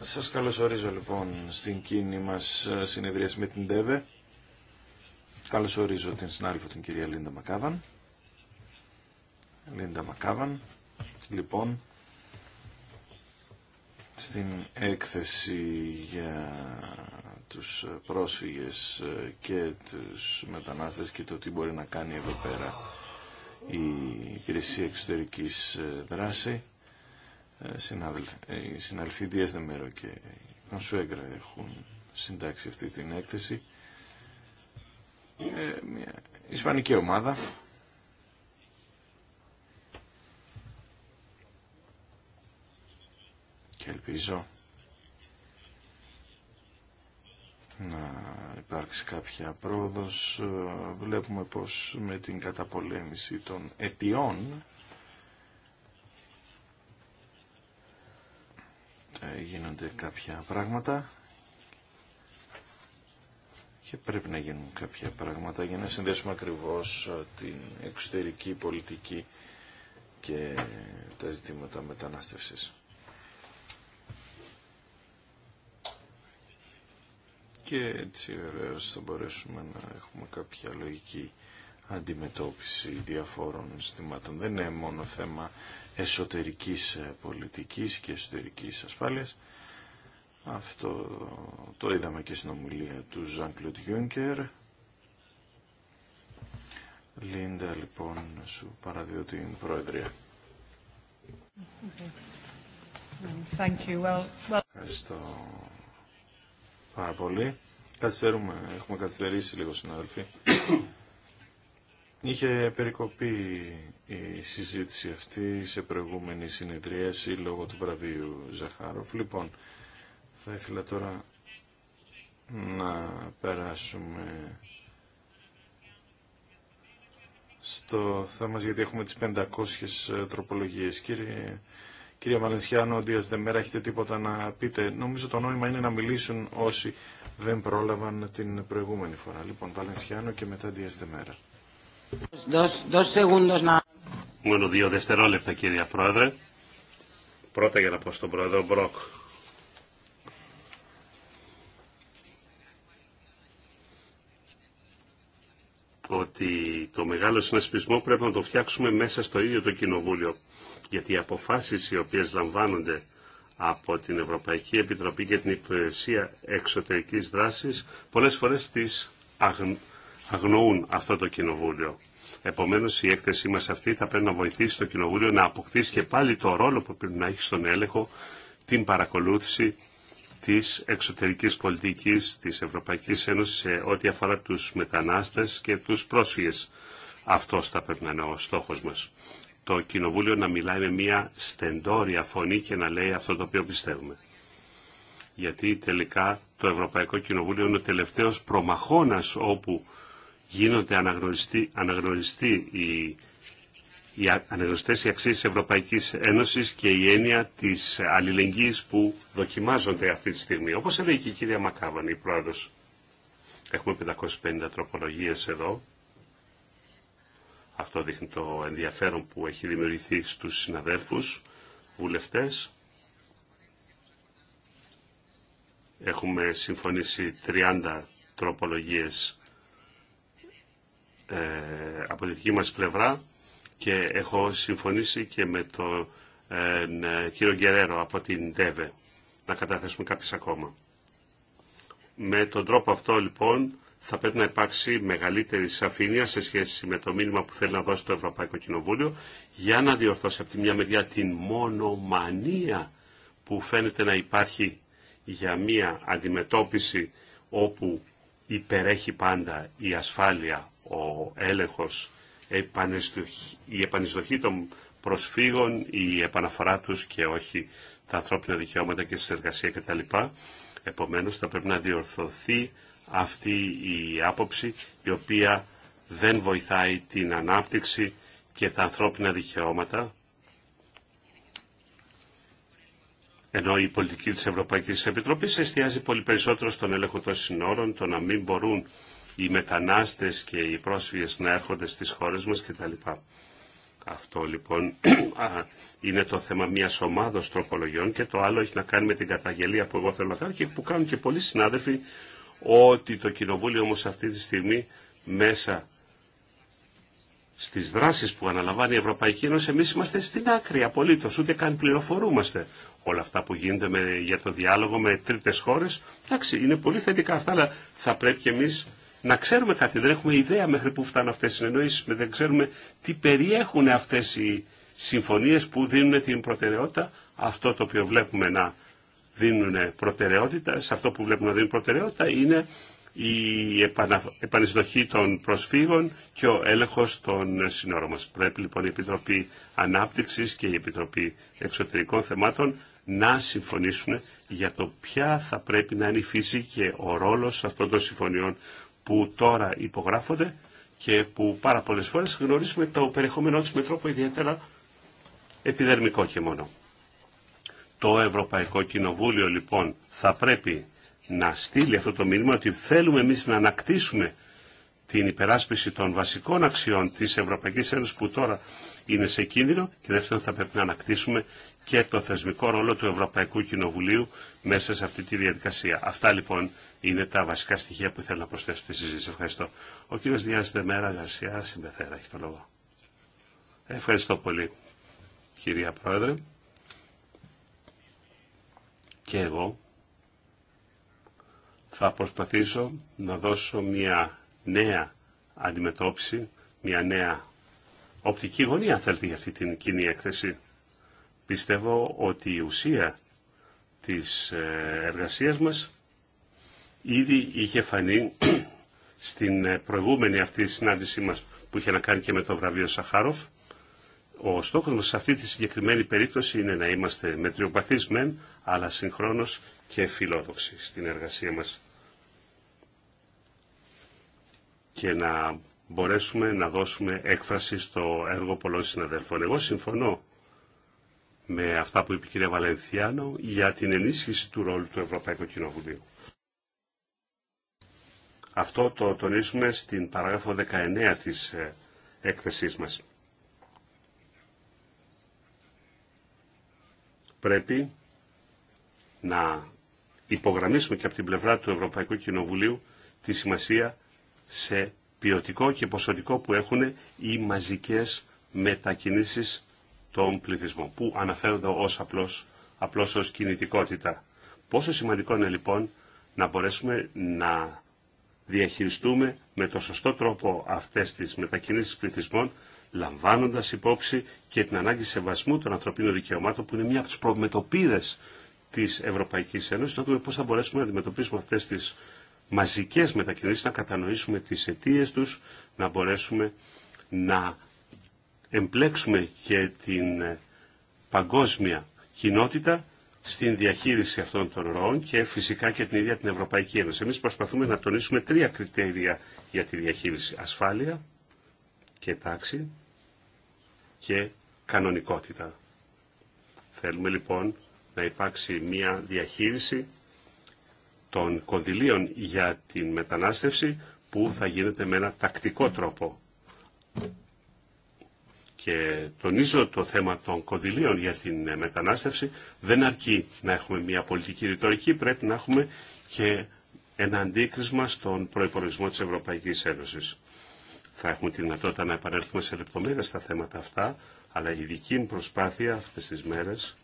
Σα καλωσορίζω λοιπόν στην κίνη μας συνεδρίαση με την ΤΕΒΕ. Καλωσορίζω την συνάδελφο την κυρία Λίντα Μακάβαν. Λίντα Μακάβαν. Λοιπόν, στην έκθεση για τους πρόσφυγες και τους μετανάστες και το τι μπορεί να κάνει εδώ πέρα η υπηρεσία εξωτερικής δράση. Ε, ε, οι συναλφοί Δίας Δεμέρο και η Κονσουέγκρα έχουν συντάξει αυτή την έκθεση. μια ισπανική ομάδα και ελπίζω να υπάρξει κάποια πρόοδος. Βλέπουμε πως με την καταπολέμηση των αιτιών γίνονται κάποια πράγματα και πρέπει να γίνουν κάποια πράγματα για να συνδέσουμε ακριβώς ε, την εξωτερική πολιτική και τα ζητήματα μετανάστευσης. και έτσι βεβαίω θα μπορέσουμε να έχουμε κάποια λογική αντιμετώπιση διαφόρων ζητημάτων. Δεν είναι μόνο θέμα εσωτερικής ε, πολιτικής και εσωτερικής ασφάλειας. Αυτό το είδαμε και στην ομιλία του Jean-Claude Λίντα, λοιπόν, σου παραδείω την Πρόεδρια. Ευχαριστώ πάρα πολύ. Καθυστερούμε, έχουμε καθυστερήσει λίγο συναδελφοί. Είχε περικοπεί η συζήτηση αυτή σε προηγούμενη συνεδρίαση λόγω του βραβείου Ζαχάροφ. Λοιπόν, θα ήθελα τώρα να περάσουμε στο θέμα μας, γιατί έχουμε τις 500 τροπολογίες. Κύριε Κύριε Βαλενσιάνο, Δίας Δεμέρα, έχετε τίποτα να πείτε. Νομίζω το νόημα είναι να μιλήσουν όσοι δεν πρόλαβαν την προηγούμενη φορά. Λοιπόν, Βαλενσιάνο και μετά Δίας Δεμέρα. Μόνο δύο δευτερόλεπτα, κύριε Πρόεδρε. Πρώτα για να πω στον Πρόεδρο Μπροκ. ότι το μεγάλο συνασπισμό πρέπει να το φτιάξουμε μέσα στο ίδιο το κοινοβούλιο γιατί οι αποφάσεις οι οποίες λαμβάνονται από την Ευρωπαϊκή Επιτροπή για την Υπηρεσία Εξωτερικής Δράσης πολλές φορές τις αγνοούν αυτό το κοινοβούλιο. Επομένως η έκθεσή μας αυτή θα πρέπει να βοηθήσει το κοινοβούλιο να αποκτήσει και πάλι το ρόλο που πρέπει να έχει στον έλεγχο την παρακολούθηση της εξωτερικής πολιτικής της Ευρωπαϊκής Ένωσης σε ό,τι αφορά τους μετανάστες και τους πρόσφυγες. Αυτός θα πρέπει να είναι ο στόχος μας το Κοινοβούλιο να μιλάει με μια στεντόρια φωνή και να λέει αυτό το οποίο πιστεύουμε. Γιατί τελικά το Ευρωπαϊκό Κοινοβούλιο είναι ο τελευταίος προμαχώνας όπου γίνονται αναγνωριστεί οι, οι αναγνωριστές οι αξίες της Ευρωπαϊκής Ένωσης και η έννοια της αλληλεγγύης που δοκιμάζονται αυτή τη στιγμή. Όπως έλεγε και η κυρία Μακάβανη, η πρόεδρος. Έχουμε 550 τροπολογίες εδώ αυτό δείχνει το ενδιαφέρον που έχει δημιουργηθεί στους συναδέλφους βουλευτές. Έχουμε συμφωνήσει 30 τροπολογίες ε, από τη δική μας πλευρά και έχω συμφωνήσει και με τον ε, ε, κύριο Γκερέρο από την ΤΕΒΕ να καταθέσουμε κάποιες ακόμα. Με τον τρόπο αυτό λοιπόν θα πρέπει να υπάρξει μεγαλύτερη σαφήνεια σε σχέση με το μήνυμα που θέλει να δώσει το Ευρωπαϊκό Κοινοβούλιο για να διορθώσει από τη μια μεριά την μονομανία που φαίνεται να υπάρχει για μια αντιμετώπιση όπου υπερέχει πάντα η ασφάλεια, ο έλεγχος, η επανεισδοχή των προσφύγων, η επαναφορά τους και όχι τα ανθρώπινα δικαιώματα και συνεργασία κτλ. Επομένως θα πρέπει να διορθωθεί αυτή η άποψη η οποία δεν βοηθάει την ανάπτυξη και τα ανθρώπινα δικαιώματα ενώ η πολιτική της Ευρωπαϊκής Επιτροπής εστιάζει πολύ περισσότερο στον έλεγχο των συνόρων, το να μην μπορούν οι μετανάστες και οι πρόσφυγες να έρχονται στις χώρες μας κτλ. Αυτό λοιπόν είναι το θέμα μια ομάδα τροπολογιών και το άλλο έχει να κάνει με την καταγγελία που εγώ θέλω να κάνω και που κάνουν και πολλοί συνάδελφοι ότι το Κοινοβούλιο όμως αυτή τη στιγμή μέσα στις δράσεις που αναλαμβάνει η Ευρωπαϊκή Ένωση εμείς είμαστε στην άκρη απολύτως, ούτε καν πληροφορούμαστε όλα αυτά που γίνονται με, για το διάλογο με τρίτες χώρες. Εντάξει, είναι πολύ θετικά αυτά, αλλά θα πρέπει και εμείς να ξέρουμε κάτι. Δεν έχουμε ιδέα μέχρι που φτάνουν αυτές οι συνεννοήσεις, δεν ξέρουμε τι περιέχουν αυτές οι συμφωνίες που δίνουν την προτεραιότητα αυτό το οποίο βλέπουμε να δίνουν προτεραιότητα, σε αυτό που βλέπουμε να δίνουν προτεραιότητα είναι η επανεισδοχή των προσφύγων και ο έλεγχος των συνόρων μας. Πρέπει λοιπόν η Επιτροπή Ανάπτυξης και η Επιτροπή Εξωτερικών Θεμάτων να συμφωνήσουν για το ποια θα πρέπει να είναι η φύση και ο ρόλος αυτών των συμφωνιών που τώρα υπογράφονται και που πάρα πολλές φορές γνωρίζουμε το περιεχόμενό τους με τρόπο ιδιαίτερα επιδερμικό και μόνο. Το Ευρωπαϊκό Κοινοβούλιο λοιπόν θα πρέπει να στείλει αυτό το μήνυμα ότι θέλουμε εμείς να ανακτήσουμε την υπεράσπιση των βασικών αξιών της Ευρωπαϊκής Ένωσης που τώρα είναι σε κίνδυνο και δεύτερον θα πρέπει να ανακτήσουμε και το θεσμικό ρόλο του Ευρωπαϊκού Κοινοβουλίου μέσα σε αυτή τη διαδικασία. Αυτά λοιπόν είναι τα βασικά στοιχεία που θέλω να προσθέσω στη συζήτηση. Ευχαριστώ. Ο κύριο Διάννη Δεμέρα Γαρσιά Συμπεθέρα έχει το λόγο. Ευχαριστώ πολύ κυρία Πρόεδρε και εγώ θα προσπαθήσω να δώσω μια νέα αντιμετώπιση, μια νέα οπτική γωνία, αν θέλετε, για αυτή την κοινή έκθεση. Πιστεύω ότι η ουσία της ε, εργασίας μας ήδη είχε φανεί στην ε, προηγούμενη αυτή συνάντησή μας που είχε να κάνει και με το βραβείο Σαχάροφ ο στόχος μας σε αυτή τη συγκεκριμένη περίπτωση είναι να είμαστε μετριοπαθείς μεν, αλλά συγχρόνως και φιλόδοξοι στην εργασία μας. Και να μπορέσουμε να δώσουμε έκφραση στο έργο πολλών συναδέλφων. Εγώ συμφωνώ με αυτά που είπε η κυρία Βαλενθιάνο για την ενίσχυση του ρόλου του Ευρωπαϊκού Κοινοβουλίου. Αυτό το τονίζουμε στην παράγραφο 19 της ε, έκθεσής μας. πρέπει να υπογραμμίσουμε και από την πλευρά του Ευρωπαϊκού Κοινοβουλίου τη σημασία σε ποιοτικό και ποσοτικό που έχουν οι μαζικές μετακινήσεις των πληθυσμών, που αναφέρονται ως απλώς, απλώς ως κινητικότητα. Πόσο σημαντικό είναι λοιπόν να μπορέσουμε να διαχειριστούμε με το σωστό τρόπο αυτές τις μετακινήσεις πληθυσμών λαμβάνοντας υπόψη και την ανάγκη σεβασμού των ανθρωπίνων δικαιωμάτων που είναι μια από τις προμετωπίδες της Ευρωπαϊκής Ένωσης, να δούμε πώς θα μπορέσουμε να αντιμετωπίσουμε αυτές τις μαζικές μετακινήσεις, να κατανοήσουμε τις αιτίες τους, να μπορέσουμε να εμπλέξουμε και την ε, παγκόσμια κοινότητα στην διαχείριση αυτών των ροών και φυσικά και την ίδια την Ευρωπαϊκή Ένωση. Εμείς προσπαθούμε να τονίσουμε τρία κριτήρια για τη διαχείριση. Ασφάλεια και τάξη, και κανονικότητα. Θέλουμε λοιπόν να υπάρξει μια διαχείριση των κονδυλίων για την μετανάστευση που θα γίνεται με ένα τακτικό τρόπο. Και τονίζω το θέμα των κονδυλίων για την ε, μετανάστευση. Δεν αρκεί να έχουμε μια πολιτική ρητορική, πρέπει να έχουμε και ένα αντίκρισμα στον προϋπολογισμό της Ευρωπαϊκής Ένωσης. Θα έχουμε τη δυνατότητα να επανέλθουμε σε λεπτομέρειες στα θέματα αυτά, αλλά η δική μου προσπάθεια αυτές τις μέρες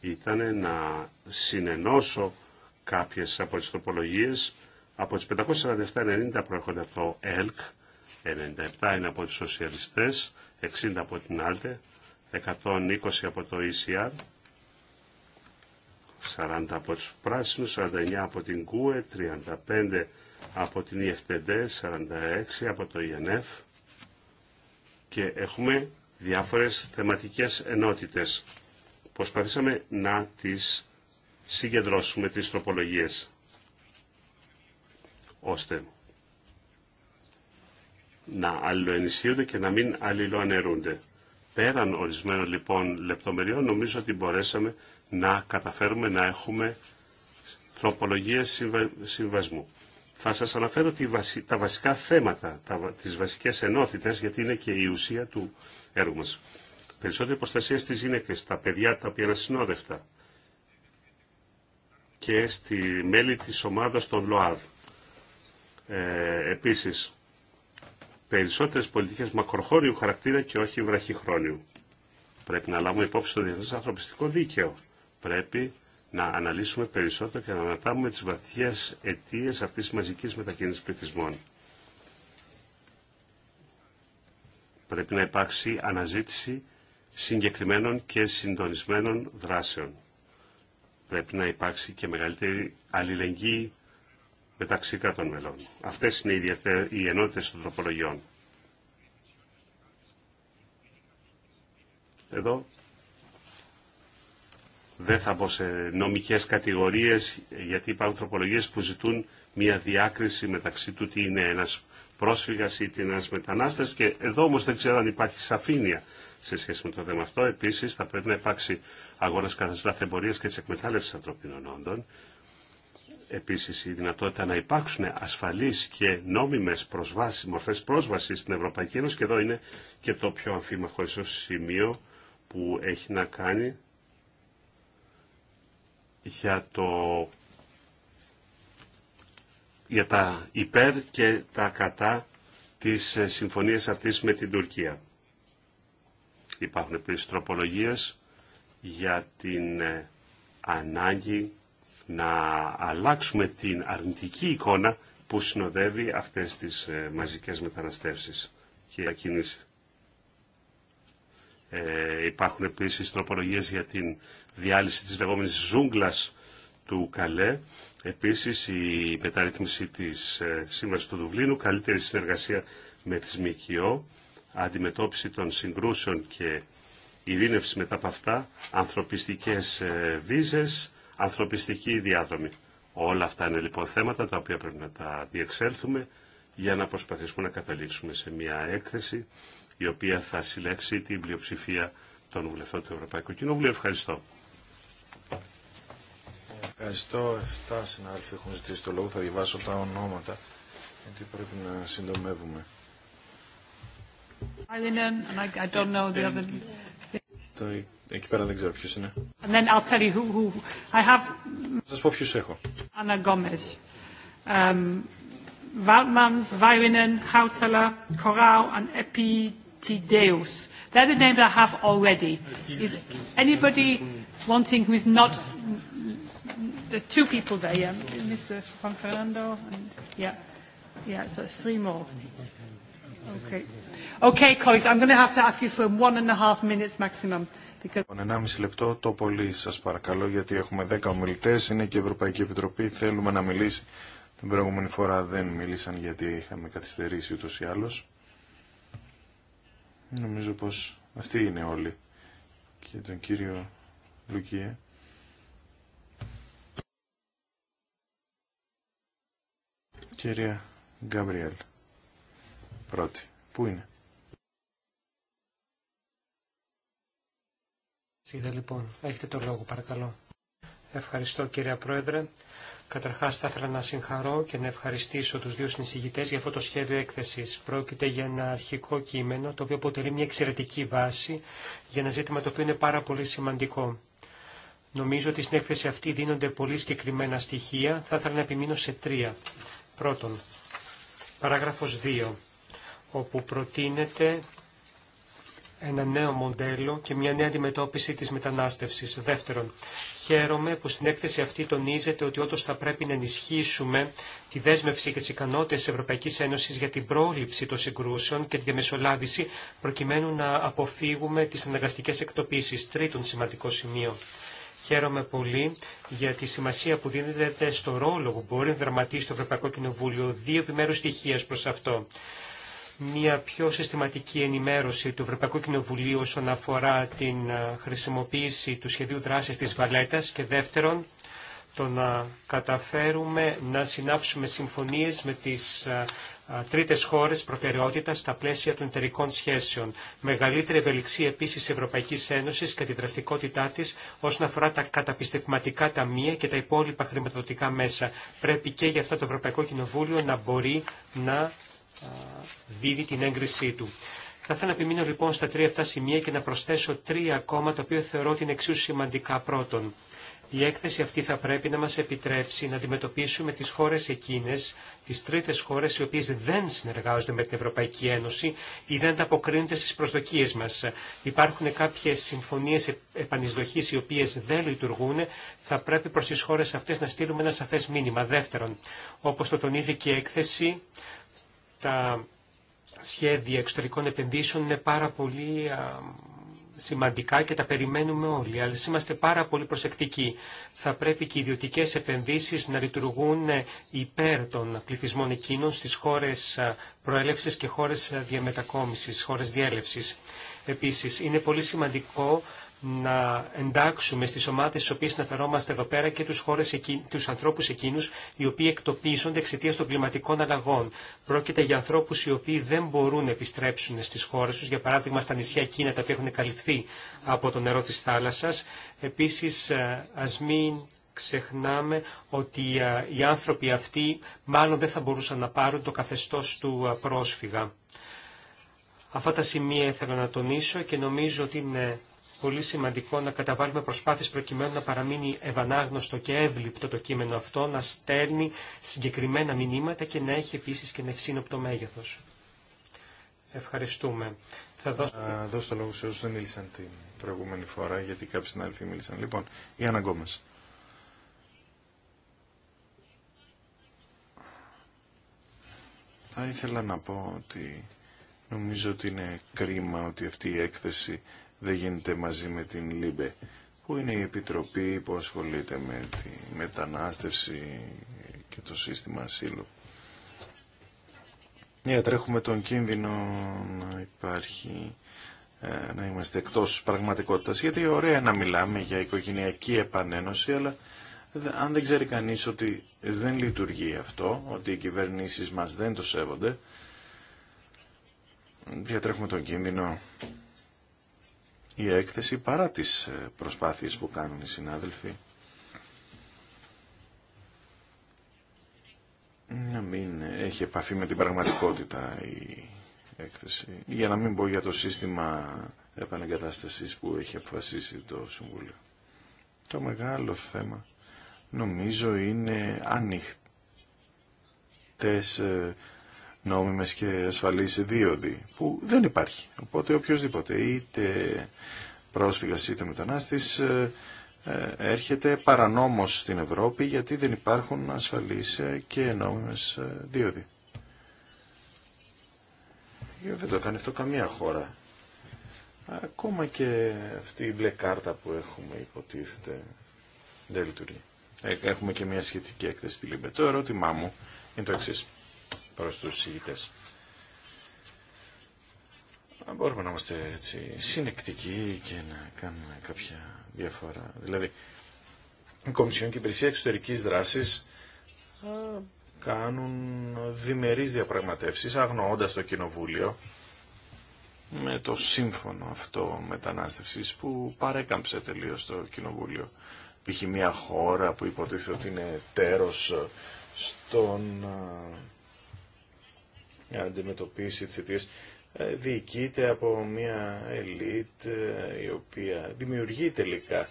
ήταν να συνενώσω κάποιες από τις τροπολογίες. Από τις 547-90 προέρχονται από το ΕΛΚ, 97 είναι από τους σοσιαλιστές, 60 από την ΑΛΤΕ, 120 από το ECR, 40 από τους πράσινους, 49 από την ΚΟΕ, 35 από την EFTD, 46 από το ENF και έχουμε διάφορες θεματικές ενότητες. Προσπαθήσαμε να τις συγκεντρώσουμε τις τροπολογίες ώστε να αλληλοενισχύονται και να μην αλληλοανερούνται. Πέραν ορισμένων λοιπόν λεπτομεριών νομίζω ότι μπορέσαμε να καταφέρουμε να έχουμε τροπολογίες συμβασμού. Θα σας αναφέρω τα βασικά θέματα, τα, τις βασικές ενότητες, γιατί είναι και η ουσία του έργου μας. Περισσότερη προστασία στις γυναίκες, στα παιδιά τα οποία είναι συνόδευτα και στη μέλη της ομάδας των ΛΟΑΔ. Ε, επίσης, περισσότερες πολιτικές μακροχρόνιου χαρακτήρα και όχι βραχυχρόνιου. Πρέπει να λάβουμε υπόψη το διεθνές ανθρωπιστικό δίκαιο. Πρέπει να αναλύσουμε περισσότερο και να ανατάμουμε τις βαθιές αιτίες αυτής της μαζικής μετακίνησης πληθυσμών. Πρέπει να υπάρξει αναζήτηση συγκεκριμένων και συντονισμένων δράσεων. Πρέπει να υπάρξει και μεγαλύτερη αλληλεγγύη μεταξύ κρατών μελών. Αυτές είναι οι, οι ενότητες των τροπολογιών. Εδώ δεν θα μπω σε νομικές κατηγορίες γιατί υπάρχουν τροπολογίες που ζητούν μια διάκριση μεταξύ του τι είναι ένας πρόσφυγας ή τι είναι ένας μετανάστες και εδώ όμως δεν ξέρω αν υπάρχει σαφήνεια σε σχέση με το θέμα αυτό. Επίσης θα πρέπει να υπάρξει αγώνας κατά της και της εκμετάλλευσης ανθρωπίνων όντων. Επίσης η δυνατότητα να υπάρξουν ασφαλείς και νόμιμες προσβάσεις, μορφές πρόσβασης στην Ευρωπαϊκή Ένωση και εδώ είναι και το πιο αμφίμαχο σημείο που έχει να κάνει για, το, για τα υπέρ και τα κατά της συμφωνίας αυτής με την Τουρκία. Υπάρχουν επίσης τροπολογίες για την ε, ανάγκη να αλλάξουμε την αρνητική εικόνα που συνοδεύει αυτές τις ε, μαζικές μεταναστεύσεις και ακίνηση. Ε, υπάρχουν επίσης τροπολογίες για την διάλυση της λεγόμενης ζούγκλας του Καλέ. Επίσης η μεταρρύθμιση της ε, Σύμβασης του Δουβλίνου, καλύτερη συνεργασία με τις ΜΚΟ, αντιμετώπιση των συγκρούσεων και ειρήνευση μετά από αυτά, ανθρωπιστικές ε, βίζες, ανθρωπιστική διάδρομη. Όλα αυτά είναι λοιπόν θέματα τα οποία πρέπει να τα διεξέλθουμε για να προσπαθήσουμε να καταλήξουμε σε μια έκθεση η οποία θα συλλέξει την πλειοψηφία των βουλευτών του Ευρωπαϊκού Κοινοβουλίου. Ευχαριστώ. Ευχαριστώ. Εφτά συνάδελφοι έχουν ζητήσει το λόγο. Θα διαβάσω τα ονόματα γιατί πρέπει να συντομεύουμε. Το, εκεί πέρα δεν ξέρω ποιος είναι. And then I'll tell you who, who I have... Θα σας πω ποιους έχω. Anna Gomez, um, Waldmans, Weirinen, Hautala, Corau and Epitideus. They're the names I have already. Is anybody wanting who is not the two people there, yeah, Mr. Juan Fernando, and, yeah, yeah, so it's three more. Okay. Okay, colleagues, I'm going to have to ask you for one and a half minutes maximum. Λοιπόν, 1,5 λεπτό το πολύ σας παρακαλώ γιατί έχουμε 10 ομιλητές, είναι και η Ευρωπαϊκή Επιτροπή, θέλουμε να μιλήσει. Την προηγούμενη φορά δεν μιλήσαν γιατί είχαμε καθυστερήσει ούτως ή άλλως. Νομίζω πως αυτοί είναι όλοι. Και τον κύριο Λουκίε Κυρία Γκαμπριέλ. Πρώτη. Πού είναι. λοιπόν. Έχετε το λόγο παρακαλώ. Ευχαριστώ κύριε Πρόεδρε. Καταρχά, θα ήθελα να συγχαρώ και να ευχαριστήσω του δύο συνεισηγητέ για αυτό το σχέδιο έκθεση. Πρόκειται για ένα αρχικό κείμενο, το οποίο αποτελεί μια εξαιρετική βάση για ένα ζήτημα το οποίο είναι πάρα πολύ σημαντικό. Νομίζω ότι στην έκθεση αυτή δίνονται πολύ συγκεκριμένα στοιχεία. Θα ήθελα να επιμείνω σε τρία. Πρώτον, παράγραφος 2, όπου προτείνεται ένα νέο μοντέλο και μια νέα αντιμετώπιση της μετανάστευσης. Δεύτερον, χαίρομαι που στην έκθεση αυτή τονίζεται ότι όντως θα πρέπει να ενισχύσουμε τη δέσμευση και τις ικανότητες της Ευρωπαϊκής Ένωσης για την πρόληψη των συγκρούσεων και τη διαμεσολάβηση, προκειμένου να αποφύγουμε τις αναγκαστικές εκτοπίσεις. Τρίτον σημαντικό σημείο. Χαίρομαι πολύ για τη σημασία που δίνεται στο ρόλο που μπορεί να δραματίσει το Ευρωπαϊκό Κοινοβούλιο. Δύο επιμέρους στοιχεία προς αυτό. Μια πιο συστηματική ενημέρωση του Ευρωπαϊκού Κοινοβουλίου όσον αφορά την ε, χρησιμοποίηση του σχεδίου δράσης της Βαλέτας και δεύτερον το να καταφέρουμε να συνάψουμε συμφωνίες με τις τρίτες χώρες προτεραιότητα στα πλαίσια των εταιρικών σχέσεων. Μεγαλύτερη ευελιξία επίσης Ευρωπαϊκής Ένωσης και τη δραστικότητά της όσον αφορά τα καταπιστευματικά ταμεία και τα υπόλοιπα χρηματοδοτικά μέσα. Πρέπει και για αυτό το Ευρωπαϊκό Κοινοβούλιο να μπορεί να δίδει την έγκρισή του. Θα ήθελα να επιμείνω λοιπόν στα τρία αυτά σημεία και να προσθέσω τρία ακόμα τα οποία θεωρώ ότι είναι εξίσου σημαντικά. Πρώτον, η έκθεση αυτή θα πρέπει να μας επιτρέψει να αντιμετωπίσουμε τις χώρες εκείνες, τις τρίτες χώρες οι οποίες δεν συνεργάζονται με την Ευρωπαϊκή Ένωση ή δεν ανταποκρίνονται στις προσδοκίες μας. Υπάρχουν κάποιες συμφωνίες επανεισδοχής οι οποίες δεν λειτουργούν. Θα πρέπει προς τις χώρες αυτές να στείλουμε ένα σαφές μήνυμα. Δεύτερον, όπως το τονίζει και η έκθεση, τα σχέδια εξωτερικών επενδύσεων είναι πάρα πολύ σημαντικά και τα περιμένουμε όλοι, αλλά είμαστε πάρα πολύ προσεκτικοί. Θα πρέπει και οι ιδιωτικέ επενδύσει να λειτουργούν υπέρ των πληθυσμών εκείνων στι χώρε προέλευση και χώρε διαμετακόμιση, χώρε διέλευση. Επίση, είναι πολύ σημαντικό να εντάξουμε στις ομάδες στις οποίες αναφερόμαστε εδώ πέρα και τους, χώρες εκεί, τους ανθρώπους εκείνους οι οποίοι εκτοπίζονται εξαιτία των κλιματικών αλλαγών. Πρόκειται για ανθρώπους οι οποίοι δεν μπορούν να επιστρέψουν στις χώρες τους, για παράδειγμα στα νησιά εκείνα τα οποία έχουν καλυφθεί από το νερό της θάλασσας. Επίσης, ε, ας μην ξεχνάμε ότι ε, οι άνθρωποι αυτοί μάλλον δεν θα μπορούσαν να πάρουν το καθεστώς του ε, πρόσφυγα. Αυτά τα σημεία ήθελα να τονίσω και νομίζω ότι είναι πολύ σημαντικό να καταβάλουμε προσπάθειες προκειμένου να παραμείνει ευανάγνωστο και εύληπτο το κείμενο αυτό, να στέλνει συγκεκριμένα μηνύματα και να έχει επίσης και νευσύνοπτο μέγεθος. Ευχαριστούμε. Θα δώσω... Α, το λόγο σε όσους δεν μίλησαν την προηγούμενη φορά, γιατί κάποιοι συνάδελφοι μίλησαν. Λοιπόν, η Άννα Θα ήθελα να πω ότι νομίζω ότι είναι κρίμα ότι αυτή η έκθεση δεν γίνεται μαζί με την ΛΥΜΠΕ, που είναι η επιτροπή που ασχολείται με τη μετανάστευση και το σύστημα ασύλου. Διατρέχουμε ναι, τον κίνδυνο να υπάρχει ε, να είμαστε εκτός πραγματικότητας, γιατί ωραία να μιλάμε για οικογενειακή επανένωση, αλλά αν δεν ξέρει κανείς ότι δεν λειτουργεί αυτό, ότι οι κυβερνήσεις μας δεν το σέβονται, διατρέχουμε τον κίνδυνο η έκθεση παρά τις ε, προσπάθειες που κάνουν οι συνάδελφοι να μην έχει επαφή με την πραγματικότητα η έκθεση. Για να μην πω για το σύστημα επανεγκατάστασης που έχει αποφασίσει το Συμβούλιο. Το μεγάλο θέμα νομίζω είναι ανοιχτές ε, νόμιμες και ασφαλείς δίωδοι, που δεν υπάρχει. Οπότε οποιοδήποτε, είτε πρόσφυγας είτε μετανάστης, ε, ε, έρχεται παρανόμως στην Ευρώπη γιατί δεν υπάρχουν ασφαλείς ε, και νόμιμες δίωδοι. Δεν το κάνει αυτό καμία χώρα. Ακόμα και αυτή η μπλε κάρτα που έχουμε υποτίθεται δεν λειτουργεί. Έχουμε και μια σχετική έκθεση στη Λίμπε. Το ερώτημά μου είναι το εξή προς τους συγητές. Μπορούμε να είμαστε έτσι συνεκτικοί και να κάνουμε κάποια διαφορά. Δηλαδή, η Κομισιόν και η Υπηρεσία Εξωτερικής Δράσης κάνουν διμερείς διαπραγματεύσεις αγνοώντας το Κοινοβούλιο με το σύμφωνο αυτό μετανάστευσης που παρέκαμψε τελείως το Κοινοβούλιο. Π.χ. μια χώρα που υποτίθεται ότι είναι τέρος στον αντιμετωπίσει τις αιτίες ε, διοικείται από μια ελίτ ε, η οποία δημιουργεί τελικά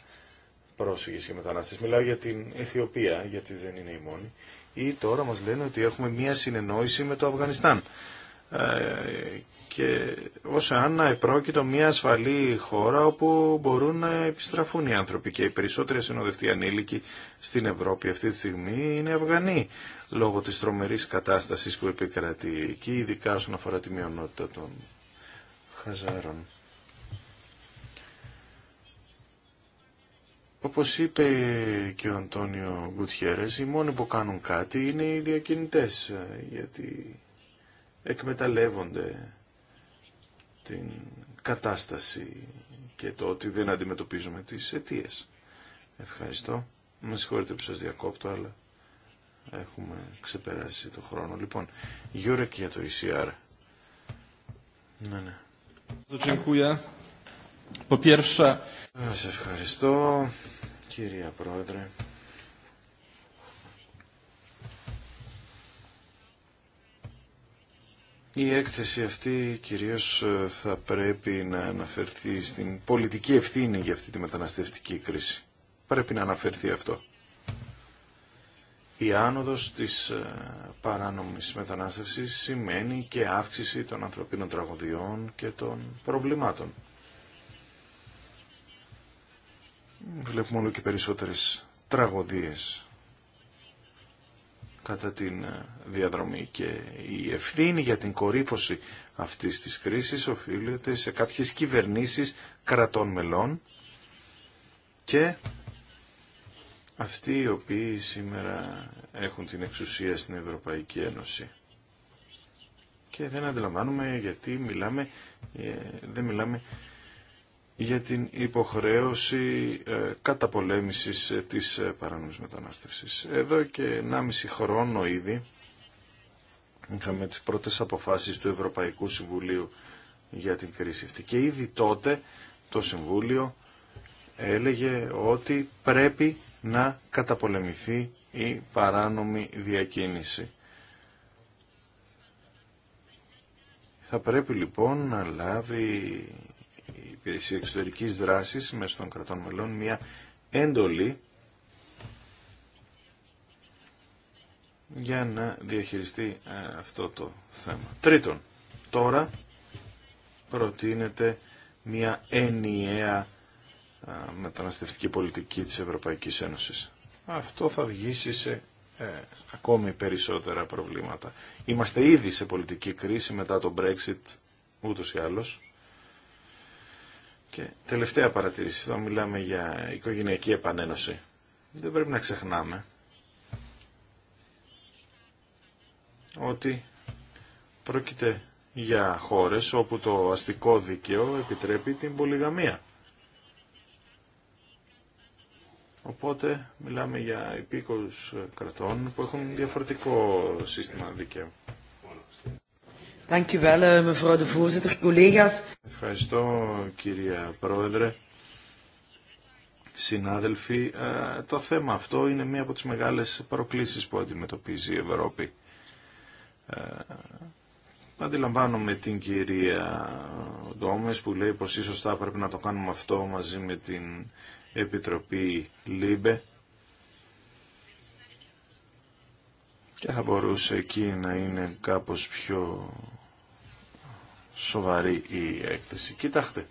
πρόσφυγες και μετανάστες. Μιλάω για την Αιθιοπία, γιατί δεν είναι η μόνη. Ή τώρα μας λένε ότι έχουμε μια συνεννόηση με το Αφγανιστάν. Ε, και ως αν επρόκειτο μια ασφαλή χώρα όπου μπορούν να επιστραφούν οι άνθρωποι και οι περισσότεροι συνοδευτοί ανήλικοι στην Ευρώπη αυτή τη στιγμή είναι Αυγανοί λόγω της τρομερής κατάστασης που επικρατεί εκεί ειδικά όσον αφορά τη μειονότητα των Χαζάρων. Όπως είπε και ο Αντώνιο Γκουτιέρες, οι μόνοι που κάνουν κάτι είναι οι διακινητές, γιατί εκμεταλλεύονται την κατάσταση και το ότι δεν αντιμετωπίζουμε τις αιτίε. Ευχαριστώ. Με συγχωρείτε που σας διακόπτω, αλλά έχουμε ξεπεράσει το χρόνο. Λοιπόν, Γιώργο και για το ECR. Ναι, ναι. Σας ευχαριστώ, κυρία Πρόεδρε. Η έκθεση αυτή κυρίως ε, θα πρέπει να αναφερθεί στην πολιτική ευθύνη για αυτή τη μεταναστευτική κρίση. Πρέπει να αναφερθεί αυτό. Η άνοδος της ε, παράνομης μετανάστευσης σημαίνει και αύξηση των ανθρωπίνων τραγωδιών και των προβλημάτων. Βλέπουμε όλο και περισσότερες τραγωδίες κατά την ε, διαδρομή και η ευθύνη για την κορύφωση αυτής της κρίσης οφείλεται σε κάποιες κυβερνήσεις κρατών μελών και αυτοί οι οποίοι σήμερα έχουν την εξουσία στην Ευρωπαϊκή Ένωση. Και δεν αντιλαμβάνουμε γιατί μιλάμε, ε, δεν μιλάμε για την υποχρέωση ε, καταπολέμησης ε, της ε, παράνομης μετανάστευσης. Εδώ και 1,5 χρόνο ήδη είχαμε τις πρώτες αποφάσεις του Ευρωπαϊκού Συμβουλίου για την κρίση αυτή. Και ήδη τότε το Συμβούλιο έλεγε ότι πρέπει να καταπολεμηθεί η παράνομη διακίνηση. Θα πρέπει λοιπόν να λάβει υπηρεσία εξωτερικής δράσης μέσω των κρατών μελών μια έντολη για να διαχειριστεί ε, αυτό το θέμα. Τρίτον, τώρα προτείνεται μια ενιαία ε, μεταναστευτική πολιτική της Ευρωπαϊκής Ένωσης. Αυτό θα βγήσει σε ε, ακόμη περισσότερα προβλήματα. Είμαστε ήδη σε πολιτική κρίση μετά το Brexit ούτως ή άλλως. Και τελευταία παρατήρηση, όταν μιλάμε για οικογενειακή επανένωση, δεν πρέπει να ξεχνάμε ότι πρόκειται για χώρες όπου το αστικό δίκαιο επιτρέπει την πολυγαμία. Οπότε μιλάμε για υπήκους κρατών που έχουν διαφορετικό σύστημα δικαίου. Eh, Ευχαριστώ κυρία Πρόεδρε. Συνάδελφοι, ε, το θέμα αυτό είναι μία από τις μεγάλες προκλήσεις που αντιμετωπίζει η Ευρώπη. Ε, αντιλαμβάνομαι την κυρία Ντόμες που λέει πως ίσως θα πρέπει να το κάνουμε αυτό μαζί με την Επιτροπή ΛΥΜΠΕ και θα μπορούσε εκεί να είναι κάπως πιο σοβαρή η έκθεση. Κοιτάξτε,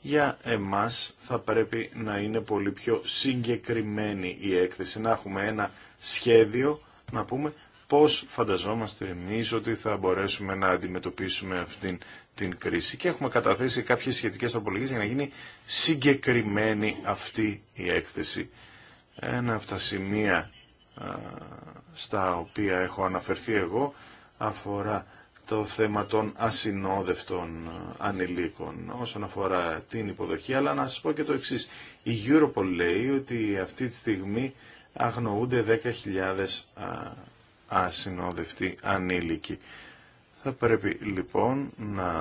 για εμάς θα πρέπει να είναι πολύ πιο συγκεκριμένη η έκθεση, να έχουμε ένα σχέδιο, να πούμε πώς φανταζόμαστε εμείς ότι θα μπορέσουμε να αντιμετωπίσουμε αυτήν την κρίση και έχουμε καταθέσει κάποιες σχετικές απολογίες για να γίνει συγκεκριμένη αυτή η έκθεση. Ένα από τα σημεία στα οποία έχω αναφερθεί εγώ αφορά το θέμα των ασυνόδευτων ανηλίκων όσον αφορά την υποδοχή, αλλά να σας πω και το εξής. Η Europol λέει ότι αυτή τη στιγμή αγνοούνται 10.000 ασυνόδευτοι ανήλικοι. Θα πρέπει λοιπόν να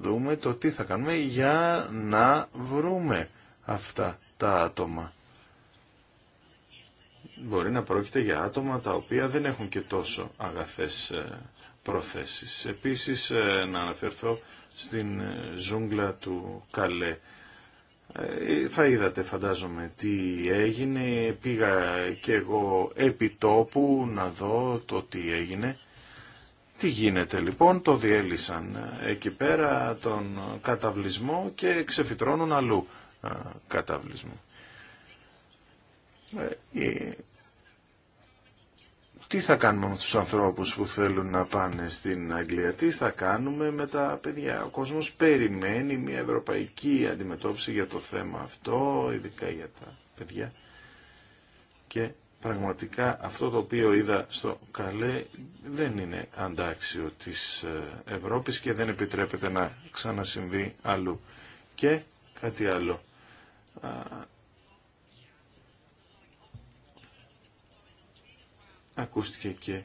δούμε το τι θα κάνουμε για να βρούμε αυτά τα άτομα μπορεί να πρόκειται για άτομα τα οποία δεν έχουν και τόσο αγαθές ε, προθέσεις. Επίσης ε, να αναφερθώ στην ε, ζούγκλα του Καλέ. Θα είδατε φαντάζομαι τι έγινε, πήγα και εγώ επί τόπου να δω το τι έγινε. Τι γίνεται λοιπόν, το διέλυσαν εκεί πέρα τον καταβλισμό και ξεφυτρώνουν αλλού καταβλισμό. Τι θα κάνουμε με τους ανθρώπους που θέλουν να πάνε στην Αγγλία, τι θα κάνουμε με τα παιδιά. Ο κόσμος περιμένει μια ευρωπαϊκή αντιμετώπιση για το θέμα αυτό, ειδικά για τα παιδιά. Και πραγματικά αυτό το οποίο είδα στο Καλέ δεν είναι αντάξιο της ε, Ευρώπης και δεν επιτρέπεται να ξανασυμβεί αλλού. Και κάτι άλλο ακούστηκε και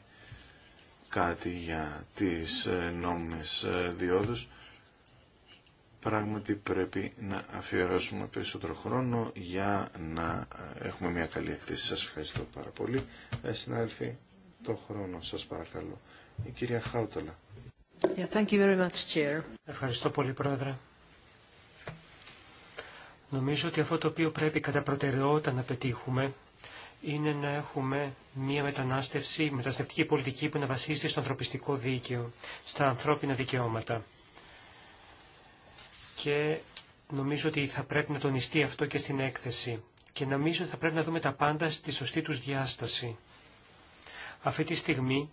κάτι για τις ε, νόμιμες ε, διόδους. Πράγματι πρέπει να αφιερώσουμε περισσότερο χρόνο για να ε, έχουμε μια καλή εκτίση. Σας ευχαριστώ πάρα πολύ. Συνάδελφοι, το χρόνο σας παρακαλώ. Η κυρία Χάουτολα. Yeah, thank you very much, Chair. Ευχαριστώ πολύ, Πρόεδρε. Νομίζω ότι αυτό το οποίο πρέπει κατά προτεραιότητα να πετύχουμε είναι να έχουμε μια μετανάστευση, μεταναστευτική πολιτική που να βασίζεται στο ανθρωπιστικό δίκαιο, στα ανθρώπινα δικαιώματα. Και νομίζω ότι θα πρέπει να τονιστεί αυτό και στην έκθεση. Και νομίζω ότι θα πρέπει να δούμε τα πάντα στη σωστή τους διάσταση. Αυτή τη στιγμή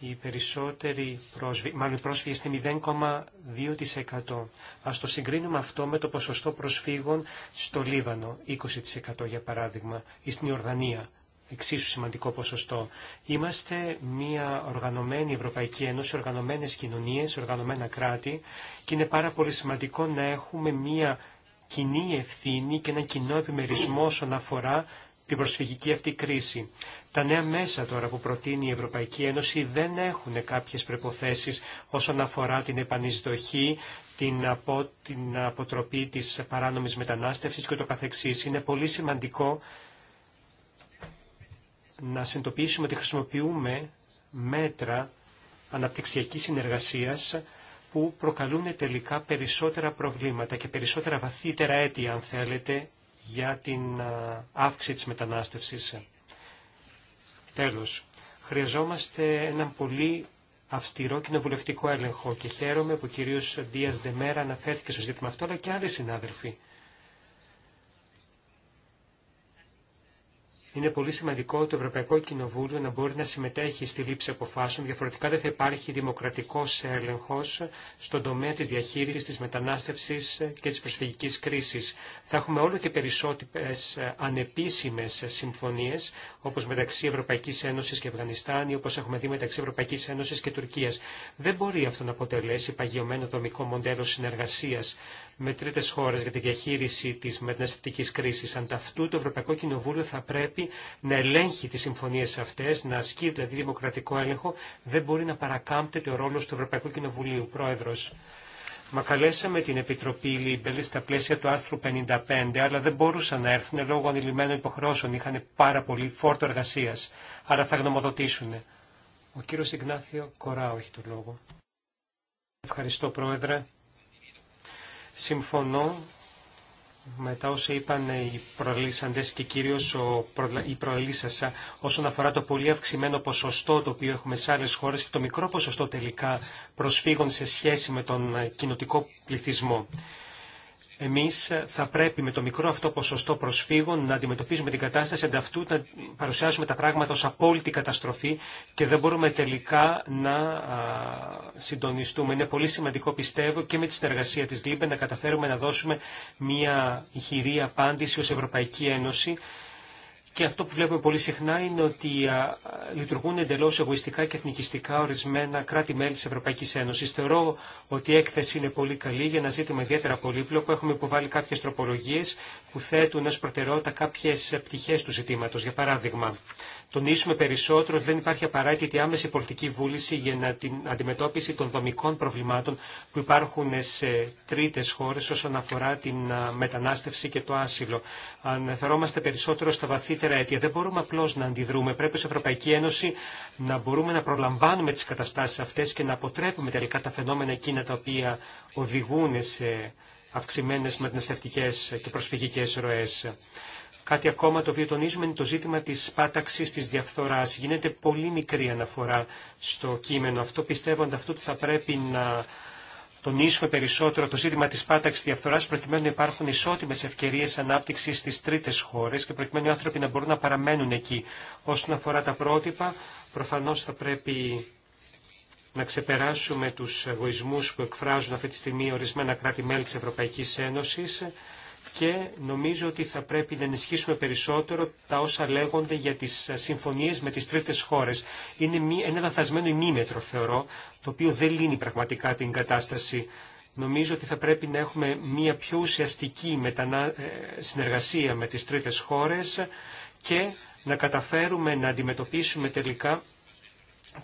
οι περισσότεροι πρόσφυγες, μάλλον οι πρόσφυγες είναι 0,2%. Ας το συγκρίνουμε αυτό με το ποσοστό προσφύγων στο Λίβανο, 20% για παράδειγμα, ή στην Ιορδανία, εξίσου σημαντικό ποσοστό. Είμαστε μια οργανωμένη Ευρωπαϊκή Ένωση, οργανωμένες κοινωνίες, οργανωμένα κράτη και είναι πάρα πολύ σημαντικό να έχουμε μια κοινή ευθύνη και ένα κοινό επιμερισμό όσον αφορά την προσφυγική αυτή κρίση. Τα νέα μέσα τώρα που προτείνει η Ευρωπαϊκή Ένωση δεν έχουν κάποιες προποθέσεις όσον αφορά την επανεισδοχή, την, απο, την αποτροπή της παράνομης μετανάστευσης και το καθεξής. Είναι πολύ σημαντικό να συνειδητοποιήσουμε ότι χρησιμοποιούμε μέτρα αναπτυξιακής συνεργασίας που προκαλούν τελικά περισσότερα προβλήματα και περισσότερα βαθύτερα αίτια, αν θέλετε, για την αύξηση της μετανάστευσης. Τέλος, χρειαζόμαστε έναν πολύ αυστηρό κοινοβουλευτικό έλεγχο και χαίρομαι που ο κ. Δίας Δεμέρα αναφέρθηκε στο ζήτημα αυτό, αλλά και άλλοι συνάδελφοι. Είναι πολύ σημαντικό το Ευρωπαϊκό Κοινοβούλιο να μπορεί να συμμετέχει στη λήψη αποφάσεων, διαφορετικά δεν θα υπάρχει δημοκρατικό έλεγχο στον τομέα τη διαχείριση, τη μετανάστευση και τη προσφυγική κρίση. Θα έχουμε όλο και περισσότερε ανεπίσημε συμφωνίε, όπω μεταξύ Ευρωπαϊκή Ένωση και Αφγανιστάν ή όπω έχουμε δει μεταξύ Ευρωπαϊκή Ένωση και Τουρκία. Δεν μπορεί αυτό να αποτελέσει παγιωμένο δομικό μοντέλο συνεργασία με τρίτε χώρε για τη διαχείριση τη μεταναστευτική κρίση. Ανταυτού το Ευρωπαϊκό Κοινοβούλιο θα πρέπει να ελέγχει τις συμφωνίες αυτές, να ασκεί δηλαδή δημοκρατικό έλεγχο, δεν μπορεί να παρακάμπτεται ο ρόλο του Ευρωπαϊκού Κοινοβουλίου. Πρόεδρος, Μα καλέσαμε την Επιτροπή Λιμπέλη στα πλαίσια του άρθρου 55, αλλά δεν μπορούσαν να έρθουν λόγω ανηλυμένων υποχρεώσεων. Είχαν πάρα πολύ φόρτο εργασία. Άρα θα γνωμοδοτήσουν. Ο κύριο Ιγνάθιο Κοράου έχει το λόγο. Ευχαριστώ, Πρόεδρε. Συμφωνώ μετά όσα είπαν οι προλήσαντες και κυρίως η προελίσσασα όσον αφορά το πολύ αυξημένο ποσοστό το οποίο έχουμε σε άλλες χώρες και το μικρό ποσοστό τελικά προσφύγων σε σχέση με τον κοινοτικό πληθυσμό εμείς ε, θα πρέπει με το μικρό αυτό ποσοστό προσφύγων να αντιμετωπίζουμε την κατάσταση ανταυτού, να παρουσιάσουμε τα πράγματα ως απόλυτη καταστροφή και δεν μπορούμε τελικά να συντονιστούμε. Είναι πολύ σημαντικό πιστεύω και με τη συνεργασία της ΛΥΜΠΕ να καταφέρουμε να δώσουμε μια ηχηρή απάντηση ως Ευρωπαϊκή Ένωση και αυτό που βλέπουμε πολύ συχνά είναι ότι λειτουργούν εντελώ εγωιστικά και εθνικιστικά ορισμένα κράτη-μέλη τη Ευρωπαϊκή Ένωση. Θεωρώ ότι η έκθεση είναι πολύ καλή για ένα ζήτημα ιδιαίτερα πολύπλοκο. Έχουμε υποβάλει κάποιε τροπολογίε που θέτουν ω προτεραιότητα κάποιε πτυχέ του ζητήματο. Για παράδειγμα, τονίσουμε περισσότερο ότι δεν υπάρχει απαραίτητη άμεση πολιτική βούληση για την αντιμετώπιση των δομικών προβλημάτων που υπάρχουν σε τρίτες χώρε όσον αφορά την μετανάστευση και το άσυλο. Αναφερόμαστε περισσότερο στα βαθύτερα αίτια. Δεν μπορούμε απλώ να αντιδρούμε. Πρέπει ω Ευρωπαϊκή Ένωση να μπορούμε να προλαμβάνουμε τι καταστάσει αυτέ και να αποτρέπουμε τελικά τα φαινόμενα εκείνα τα οποία οδηγούν σε αυξημένε μεταναστευτικέ και προσφυγικέ ροέ. Κάτι ακόμα το οποίο τονίζουμε είναι το ζήτημα της πάταξης της διαφθοράς. Γίνεται πολύ μικρή αναφορά στο κείμενο αυτό, πιστεύοντα αυτό ότι θα πρέπει να τονίσουμε περισσότερο το ζήτημα της πάταξης διαφθοράς προκειμένου να υπάρχουν ισότιμες ευκαιρίες ανάπτυξης στις τρίτες χώρες και προκειμένου οι άνθρωποι να μπορούν να παραμένουν εκεί. Όσον αφορά τα πρότυπα, προφανώς θα πρέπει να ξεπεράσουμε τους εγωισμούς που εκφράζουν αυτή τη στιγμή ορισμένα κράτη-μέλη τη Ευρωπαϊκής Ένωσης και νομίζω ότι θα πρέπει να ενισχύσουμε περισσότερο τα όσα λέγονται για τις συμφωνίες με τις τρίτες χώρες. Είναι ένα λαθασμένο ημίμετρο, θεωρώ, το οποίο δεν λύνει πραγματικά την κατάσταση. Νομίζω ότι θα πρέπει να έχουμε μια πιο ουσιαστική μετανα... Ε, συνεργασία με τις τρίτες χώρες και να καταφέρουμε να αντιμετωπίσουμε τελικά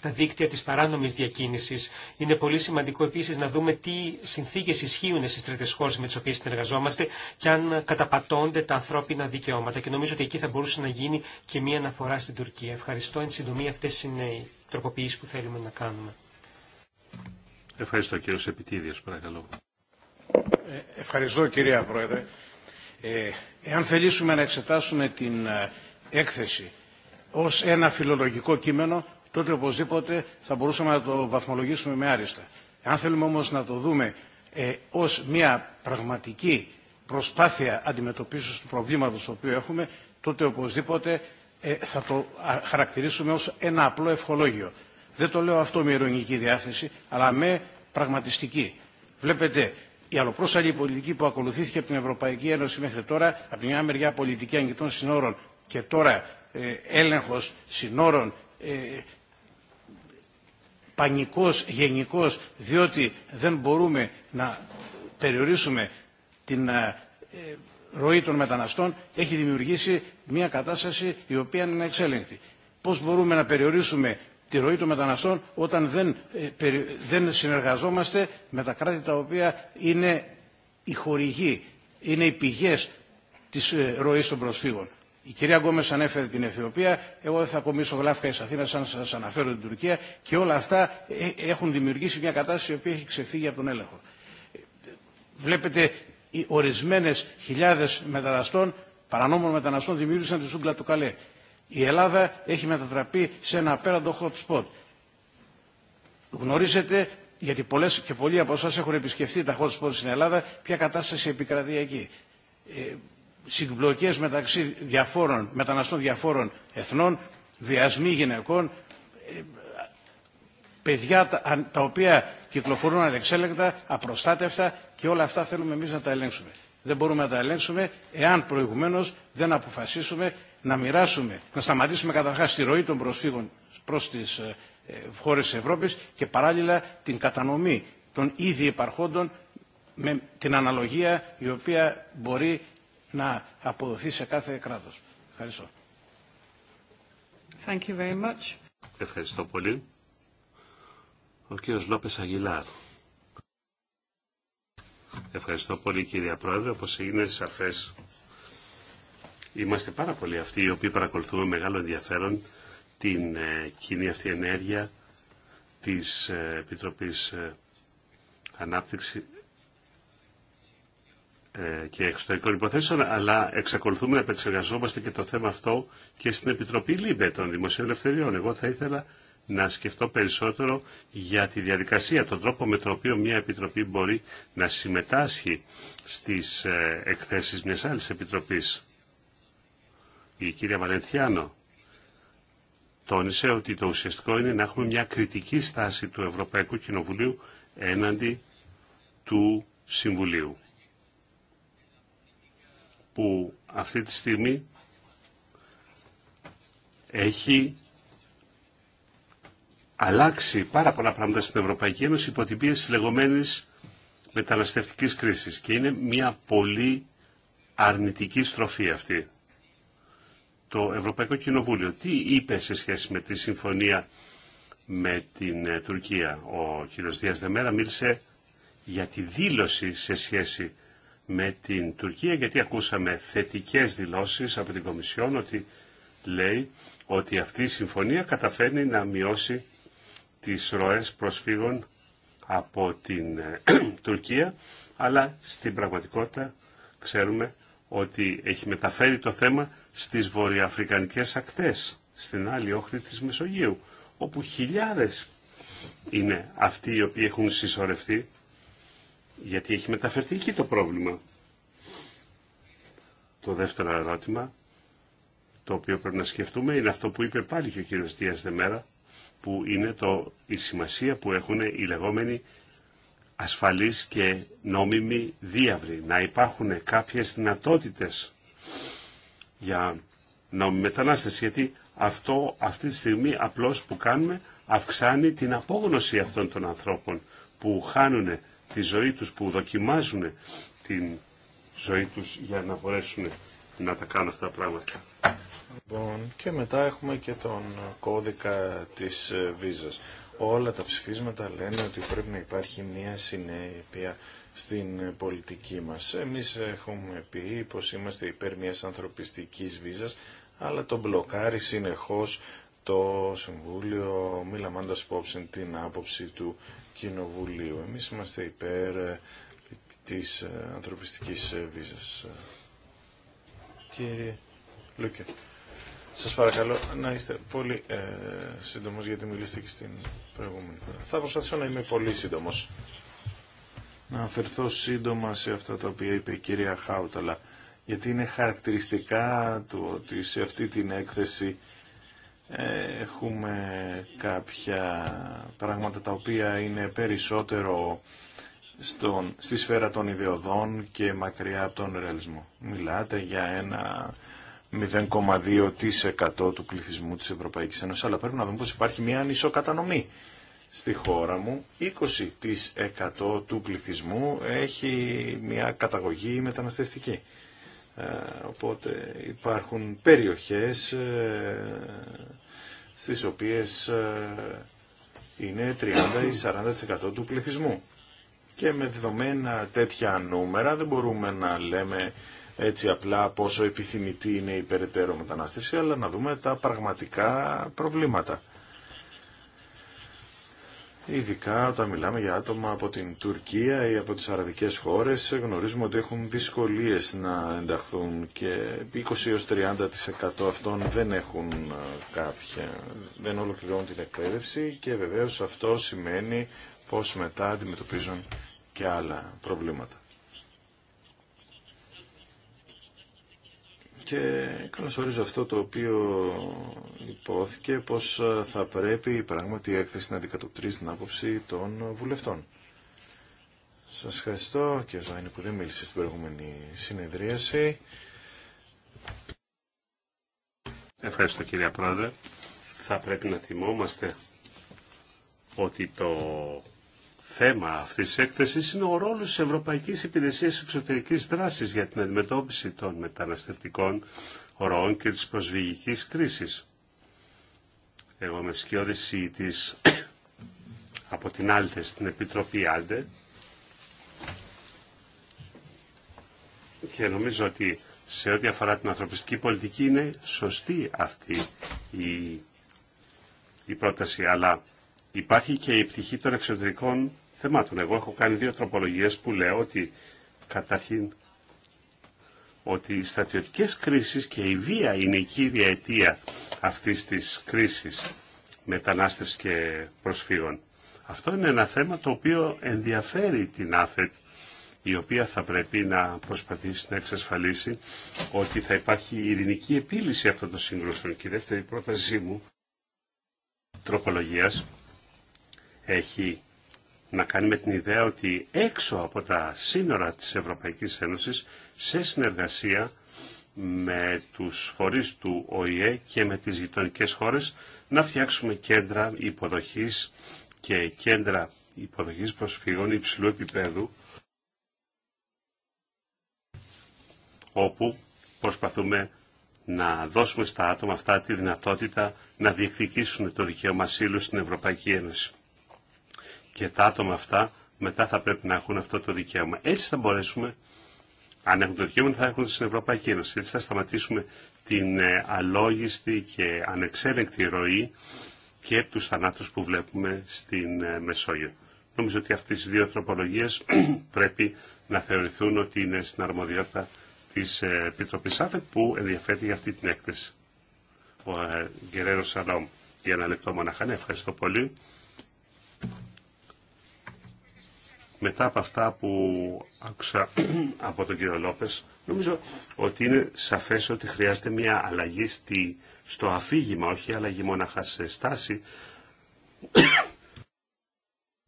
τα δίκτυα της παράνομης διακίνησης. Είναι πολύ σημαντικό επίσης να δούμε τι συνθήκες ισχύουν στις τρίτες χώρες με τις οποίες συνεργαζόμαστε και αν καταπατώνται τα ανθρώπινα δικαιώματα. Και νομίζω ότι εκεί θα μπορούσε να γίνει και μία αναφορά στην Τουρκία. Ευχαριστώ. Εν συντομία αυτές είναι οι τροποποιήσεις που θέλουμε να κάνουμε. Ευχαριστώ κύριο Επιτίδιος, παρακαλώ. Ε, ευχαριστώ κυρία Πρόεδρε. Ε, εάν θελήσουμε να εξετάσουμε την ε, έκθεση ως ένα φιλολογικό κείμενο, τότε οπωσδήποτε θα μπορούσαμε να το βαθμολογήσουμε με άριστα. Αν θέλουμε όμως να το δούμε ε, ως μια πραγματική προσπάθεια αντιμετωπίσεως του προβλήματος το οποίο έχουμε, τότε οπωσδήποτε ε, θα το χαρακτηρίσουμε ως ένα απλό ευχολόγιο. Δεν το λέω αυτό με ειρωνική διάθεση, αλλά με πραγματιστική. Βλέπετε, η αλλοπρόσαλη πολιτική που ακολουθήθηκε από την Ευρωπαϊκή Ένωση μέχρι τώρα, από μια μεριά πολιτική ανοιχτών συνόρων και τώρα ε, έλεγχος συνόρων, ε, πανικός γενικός διότι δεν μπορούμε να περιορίσουμε την ε, ροή των μεταναστών έχει δημιουργήσει μια κατάσταση η οποία είναι εξέλεγκτη. Πώς μπορούμε να περιορίσουμε τη ροή των μεταναστών όταν δεν, ε, δεν συνεργαζόμαστε με τα κράτη τα οποία είναι οι χορηγοί, είναι οι πηγές της ε, ροής των προσφύγων. Η κυρία Γκόμες ανέφερε την Αιθιοπία, εγώ δεν θα κομίσω γλάφκα εις Αθήνα σαν σας αναφέρω την Τουρκία και όλα αυτά ε, ε, έχουν δημιουργήσει μια κατάσταση η οποία έχει ξεφύγει από τον έλεγχο. Βλέπετε οι ορισμένες χιλιάδες μεταναστών, παρανόμων μεταναστών δημιούργησαν τη ζούγκλα του Καλέ. Η Ελλάδα έχει μετατραπεί σε ένα απέραντο hot spot. Γνωρίζετε γιατί πολλέ και πολλοί από εσά έχουν επισκεφτεί τα hot spot στην Ελλάδα, ποια κατάσταση επικρατεί εκεί. Ε, συγκλοκές μεταξύ διαφόρων, μεταναστών διαφόρων εθνών, βιασμοί γυναικών, ε, παιδιά τα οποία κυκλοφορούν ανεξέλεγκτα, απροστάτευτα και όλα αυτά θέλουμε εμείς να τα ελέγξουμε. Δεν μπορούμε να τα ελέγξουμε εάν προηγουμένως δεν αποφασίσουμε να μοιράσουμε, να σταματήσουμε καταρχάς τη ροή των προσφύγων προς τις ε, ε, χώρες της Ευρώπης και παράλληλα την κατανομή των ήδη υπαρχόντων με την αναλογία η οποία μπορεί να αποδοθεί σε κάθε κράτος. Ευχαριστώ. Thank you very much. Ευχαριστώ πολύ. Ο κύριος Λόπες Αγγιλάρ. Ευχαριστώ πολύ κύριε Πρόεδρε, όπως είναι σαφές. Είμαστε πάρα πολλοί αυτοί οι οποίοι παρακολουθούμε μεγάλο ενδιαφέρον την ε, κοινή αυτή ενέργεια της ε, Επιτροπής ε, Ανάπτυξη, ε, και εξωτερικών υποθέσεων, αλλά εξακολουθούμε να επεξεργαζόμαστε και το θέμα αυτό και στην Επιτροπή ΛΥΜΠΕ των Δημοσίων Ελευθεριών. Εγώ θα ήθελα να σκεφτώ περισσότερο για τη διαδικασία, τον τρόπο με τον οποίο μια Επιτροπή μπορεί να συμμετάσχει στις ε, εκθέσεις μιας άλλης Επιτροπής. Η κυρία Βαλεντιάνο τόνισε ότι το ουσιαστικό είναι να έχουμε μια κριτική στάση του Ευρωπαϊκού Κοινοβουλίου έναντι του Συμβουλίου που αυτή τη στιγμή έχει αλλάξει πάρα πολλά πράγματα στην Ευρωπαϊκή Ένωση υπό την πίεση λεγόμενης μεταναστευτικής κρίσης και είναι μια πολύ αρνητική στροφή αυτή. Το Ευρωπαϊκό Κοινοβούλιο τι είπε σε σχέση με τη συμφωνία με την ε, Τουρκία. Ο κ. Δίας Δεμέρα μίλησε για τη δήλωση σε σχέση με την Τουρκία, γιατί ακούσαμε θετικές δηλώσεις από την Κομισιόν ότι λέει ότι αυτή η συμφωνία καταφέρνει να μειώσει τις ροές προσφύγων από την ε, Τουρκία, αλλά στην πραγματικότητα ξέρουμε ότι έχει μεταφέρει το θέμα στις βορειοαφρικανικές ακτές, στην άλλη όχθη της Μεσογείου, όπου χιλιάδες είναι αυτοί οι οποίοι έχουν συσσωρευτεί γιατί έχει μεταφερθεί εκεί το πρόβλημα. Το δεύτερο ερώτημα, το οποίο πρέπει να σκεφτούμε, είναι αυτό που είπε πάλι και ο κύριο Δίας Δεμέρα, που είναι το, η σημασία που έχουν οι λεγόμενοι ασφαλείς και νόμιμοι διάβροι Να υπάρχουν κάποιες δυνατότητες για νόμιμη μετανάστευση, γιατί αυτό αυτή τη στιγμή απλώς που κάνουμε αυξάνει την απόγνωση αυτών των ανθρώπων που χάνουν τη ζωή τους, που δοκιμάζουν την ζωή τους για να μπορέσουν να τα κάνουν αυτά τα πράγματα. Λοιπόν, και μετά έχουμε και τον κώδικα της βίζας. Όλα τα ψηφίσματα λένε ότι πρέπει να υπάρχει μια συνέπεια στην πολιτική μας. Εμείς έχουμε πει πως είμαστε υπέρ μιας ανθρωπιστικής βίζας, αλλά τον μπλοκάρει συνεχώς το Συμβούλιο, μη λαμβάνοντας υπόψη την άποψη του Κοινοβουλίου. Εμείς είμαστε υπέρ ε, της ε, ανθρωπιστικής ε, βίζας. Κύριε Λούκε, σας παρακαλώ να είστε πολύ ε, σύντομος γιατί μιλήσατε και στην προηγούμενη Θα προσπαθήσω να είμαι πολύ σύντομος. Να αφαιρθώ σύντομα σε αυτά τα οποία είπε η κυρία Χάουταλα, γιατί είναι χαρακτηριστικά του ότι σε αυτή την έκθεση Έχουμε κάποια πράγματα τα οποία είναι περισσότερο στον, στη σφαίρα των ιδεωδών και μακριά από τον ρεαλισμό. Μιλάτε για ένα 0,2% του πληθυσμού της Ευρωπαϊκής Ένωσης, αλλά πρέπει να δούμε πως υπάρχει μια ανισοκατανομή. Στη χώρα μου 20% του πληθυσμού έχει μια καταγωγή μεταναστευτική. Ε, οπότε υπάρχουν περιοχές ε, στις οποίες ε, είναι 30 ή 40% του πληθυσμού. Και με δεδομένα τέτοια νούμερα δεν μπορούμε να λέμε έτσι απλά πόσο επιθυμητή είναι η περαιτέρω μετανάστευση, αλλά να δούμε τα πραγματικά προβλήματα. Ειδικά όταν μιλάμε για άτομα από την Τουρκία ή από τις αραβικές χώρες γνωρίζουμε ότι έχουν δυσκολίες να ενταχθούν και 20-30% αυτών δεν έχουν ε, κάποια, δεν ολοκληρώνουν την εκπαίδευση και βεβαίως αυτό σημαίνει πως μετά αντιμετωπίζουν και άλλα προβλήματα. και καλωσορίζω αυτό το οποίο υπόθηκε πως ε, θα πρέπει πράγματι η έκθεση να αντικατοπτρίζει την άποψη των βουλευτών. Σας ευχαριστώ και Ζωάννη που δεν μίλησε στην προηγούμενη συνεδρίαση. Ευχαριστώ κυρία Πρόεδρε. Θα πρέπει να θυμόμαστε ότι το θέμα αυτής της έκθεσης είναι ο ρόλος της Ευρωπαϊκής Υπηρεσίας Εξωτερικής Δράσης για την αντιμετώπιση των μεταναστευτικών ροών και της προσβυγικής κρίσης. Εγώ είμαι σκιώδης της από την Άλτε στην Επιτροπή Άλτε και νομίζω ότι σε ό,τι αφορά την ανθρωπιστική πολιτική είναι σωστή αυτή η, η πρόταση, αλλά υπάρχει και η πτυχή των εξωτερικών θεμάτων. Εγώ έχω κάνει δύο τροπολογίες που λέω ότι καταρχήν ότι οι στρατιωτικές κρίσεις και η βία είναι η κύρια αιτία αυτής της κρίσης μετανάστευση και προσφύγων. Αυτό είναι ένα θέμα το οποίο ενδιαφέρει την ΑΦΕΤ η οποία θα πρέπει να προσπαθήσει να εξασφαλίσει ότι θα υπάρχει ειρηνική επίλυση αυτών των συγκρούσεων. Και η δεύτερη πρότασή μου τροπολογίας έχει να κάνει με την ιδέα ότι έξω από τα σύνορα της Ευρωπαϊκής Ένωσης, σε συνεργασία με τους φορείς του ΟΗΕ και με τις γειτονικέ χώρες, να φτιάξουμε κέντρα υποδοχής και κέντρα υποδοχής προσφύγων υψηλού επίπεδου, όπου προσπαθούμε να δώσουμε στα άτομα αυτά τη δυνατότητα να διεκδικήσουν το δικαίωμα ασύλου στην Ευρωπαϊκή Ένωση και τα άτομα αυτά μετά θα πρέπει να έχουν αυτό το δικαίωμα. Έτσι θα μπορέσουμε, αν έχουν το δικαίωμα, θα έχουν στην Ευρωπαϊκή Ένωση. Έτσι θα σταματήσουμε την ε, αλόγιστη και ανεξέλεγκτη ροή και τους θανάτους που βλέπουμε στην ε, Μεσόγειο. Νομίζω ότι αυτές οι δύο τροπολογίες πρέπει να θεωρηθούν ότι είναι στην αρμοδιότητα της ε, Επιτροπής ΑΦΕΤ που ενδιαφέρει για αυτή την έκθεση. Ο Γκερέρο Σαλόμ, για ένα λεπτό μοναχανέ, ναι, ευχαριστώ πολύ. μετά από αυτά που άκουσα από τον κύριο Λόπες, νομίζω ότι είναι σαφές ότι χρειάζεται μια αλλαγή στη, στο αφήγημα, όχι αλλαγή μόναχα σε στάση,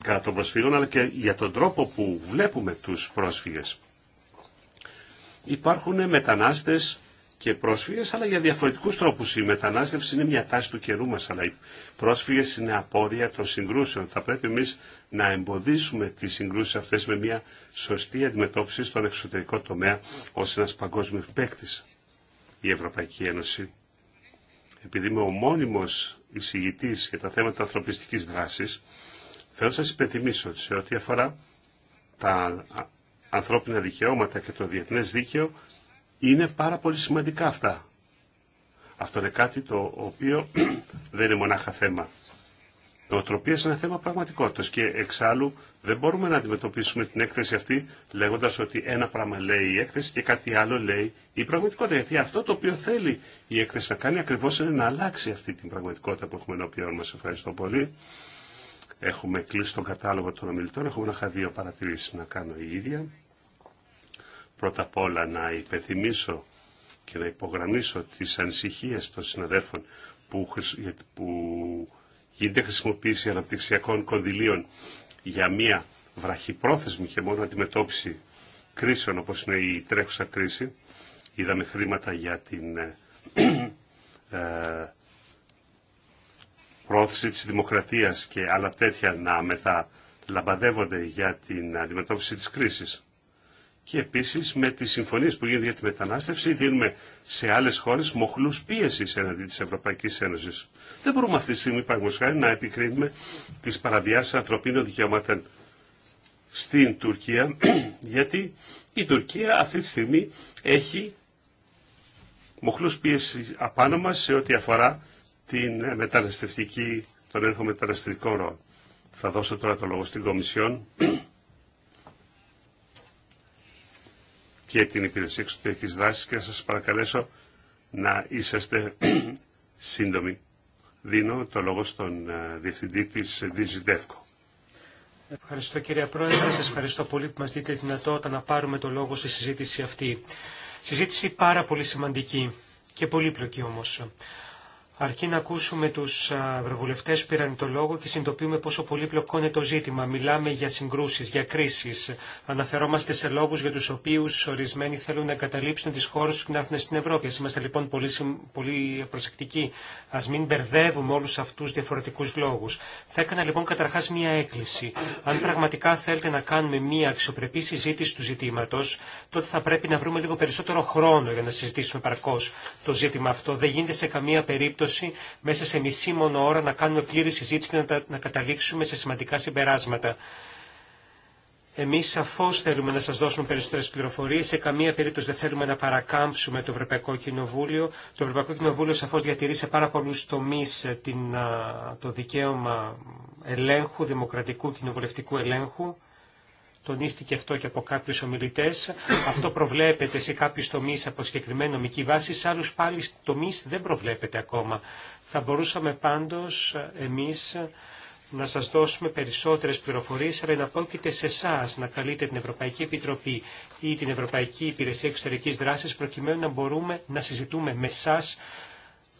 κατά των προσφύγων, αλλά και για τον τρόπο που βλέπουμε τους πρόσφυγες. Υπάρχουν μετανάστες και πρόσφυγες, αλλά για διαφορετικούς τρόπους. Η μετανάστευση είναι μια τάση του καιρού μα, αλλά οι πρόσφυγες είναι απόρρια των συγκρούσεων. Θα πρέπει εμείς να εμποδίσουμε τις συγκρούσεις αυτές με μια σωστή αντιμετώπιση στον εξωτερικό τομέα ω ένα παγκόσμιο παίκτη. Η Ευρωπαϊκή Ένωση, επειδή είμαι ο μόνιμος εισηγητής για τα θέματα ανθρωπιστική δράση, θέλω να σα υπενθυμίσω ότι σε ό,τι αφορά τα ανθρώπινα δικαιώματα και το διεθνές δίκαιο, είναι πάρα πολύ σημαντικά αυτά. Αυτό είναι κάτι το οποίο δεν είναι μονάχα θέμα. Νοοτροπία είναι ένα θέμα πραγματικότητα και εξάλλου δεν μπορούμε να αντιμετωπίσουμε την έκθεση αυτή λέγοντα ότι ένα πράγμα λέει η έκθεση και κάτι άλλο λέει η πραγματικότητα. Γιατί αυτό το οποίο θέλει η έκθεση να κάνει ακριβώ είναι να αλλάξει αυτή την πραγματικότητα που έχουμε ενώπιον μα. Ευχαριστώ πολύ. Έχουμε κλείσει τον κατάλογο των ομιλητών. Έχω μονάχα δύο παρατηρήσει να κάνω η ίδια. Πρώτα απ' όλα να υπενθυμίσω και να υπογραμμίσω τις ανησυχίες των συναδέλφων που, που γίνεται χρησιμοποίηση αναπτυξιακών κονδυλίων για μία βραχυπρόθεσμη και μόνο αντιμετώπιση κρίσεων όπως είναι η τρέχουσα κρίση. Είδαμε χρήματα για την ε, ε πρόθεση της δημοκρατίας και άλλα τέτοια να μεταλαμπαδεύονται για την αντιμετώπιση της κρίσης και επίση με τι συμφωνίε που γίνονται για τη μετανάστευση δίνουμε σε άλλες χώρες μοχλου πίεση εναντί τη Ευρωπαϊκής Ένωση. Δεν μπορούμε αυτή τη στιγμή παραγωγικά να επικρίνουμε τις παραβιάσεις ανθρωπίνων δικαιωμάτων στην Τουρκία γιατί η Τουρκία αυτή τη στιγμή έχει μοχλούς πίεση απάνω μα σε ό,τι αφορά την μεταναστευτική, τον έλεγχο μεταναστευτικών ροών. Θα δώσω τώρα το λόγο στην Κομισιόν και την Υπηρεσία Εξωτερικής Δράσης και θα σας παρακαλέσω να είσαστε σύντομοι. Δίνω το λόγο στον ε, Διευθυντή της Διζιντεύκο. Ευχαριστώ κύριε Πρόεδρε, σας ευχαριστώ πολύ που μας δείτε τη δυνατότητα να πάρουμε το λόγο στη συζήτηση αυτή. Συζήτηση πάρα πολύ σημαντική και πολύπλοκη όμως αρκεί να ακούσουμε του ευρωβουλευτέ που πήραν το λόγο και συνειδητοποιούμε πόσο πολύπλοκο είναι το ζήτημα. Μιλάμε για συγκρούσει, για κρίσει. Αναφερόμαστε σε λόγου για του οποίου ορισμένοι θέλουν να εγκαταλείψουν τι χώρε που να έρθουν στην Ευρώπη. Ας είμαστε λοιπόν πολύ, πολύ προσεκτικοί. Α μην μπερδεύουμε όλους αυτούς διαφορετικού λόγου. Θα έκανα λοιπόν καταρχά μία έκκληση. Αν πραγματικά θέλετε να κάνουμε μία αξιοπρεπή συζήτηση του ζήτηματο, τότε θα πρέπει να βρούμε λίγο περισσότερο χρόνο για να συζητήσουμε παρκώ το ζήτημα αυτό. Δεν γίνεται σε καμία περίπτωση μέσα σε μισή μόνο ώρα να κάνουμε πλήρη συζήτηση και να, τα, να καταλήξουμε σε σημαντικά συμπεράσματα. Εμείς σαφώ θέλουμε να σα δώσουμε περισσότερε πληροφορίες, σε καμία περίπτωση δεν θέλουμε να παρακάμψουμε το Ευρωπαϊκό Κοινοβούλιο. Το Ευρωπαϊκό Κοινοβούλιο σαφώ διατηρεί σε πάρα πολλού τομεί ε, το δικαίωμα ελέγχου, δημοκρατικού κοινοβουλευτικού ελέγχου τονίστηκε αυτό και από κάποιους ομιλητές, αυτό προβλέπεται σε κάποιους τομείς από συγκεκριμένη νομική βάση, σε άλλους πάλι τομείς δεν προβλέπεται ακόμα. Θα μπορούσαμε πάντως ε, εμείς να σας δώσουμε περισσότερες πληροφορίες, αλλά να πρόκειται σε εσά να καλείτε την Ευρωπαϊκή Επιτροπή ή την Ευρωπαϊκή Υπηρεσία Εξωτερικής Δράσης, προκειμένου να μπορούμε να συζητούμε με εσά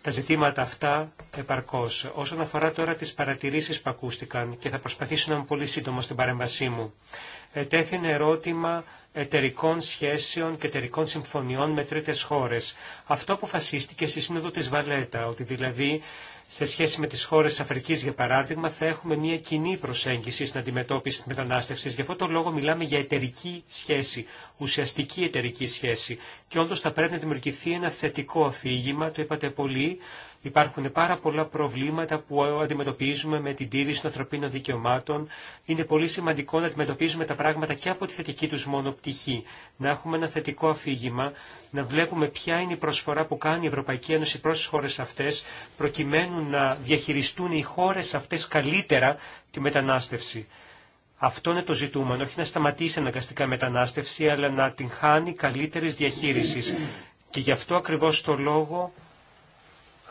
τα ζητήματα αυτά επαρκώς. Όσον αφορά τώρα τις παρατηρήσεις που ακούστηκαν και θα προσπαθήσω να είμαι πολύ σύντομο στην παρέμβασή μου ετέθηνε ερώτημα εταιρικών σχέσεων και εταιρικών συμφωνιών με τρίτες χώρες. Αυτό αποφασίστηκε στη Σύνοδο της Βαλέτα, ότι δηλαδή σε σχέση με τις χώρες της Αφρικής, για παράδειγμα, θα έχουμε μια κοινή προσέγγιση στην αντιμετώπιση της μετανάστευσης. Γι' αυτό το λόγο μιλάμε για εταιρική σχέση, ουσιαστική εταιρική σχέση. Και όντως θα πρέπει να δημιουργηθεί ένα θετικό αφήγημα, το είπατε πολύ, Υπάρχουν πάρα πολλά προβλήματα που αντιμετωπίζουμε με την τήρηση των ανθρωπίνων δικαιωμάτων. Είναι πολύ σημαντικό να αντιμετωπίζουμε τα πράγματα και από τη θετική του μόνο πτυχή. Να έχουμε ένα θετικό αφήγημα, να βλέπουμε ποια είναι η προσφορά που κάνει η Ευρωπαϊκή Ένωση προς τις χώρες αυτές, προκειμένου να διαχειριστούν οι χώρες αυτές καλύτερα τη μετανάστευση. Αυτό είναι το ζητούμενο, όχι να σταματήσει αναγκαστικά η μετανάστευση, αλλά να την χάνει καλύτερης διαχείρισης. Και γι' αυτό ακριβώς το λόγο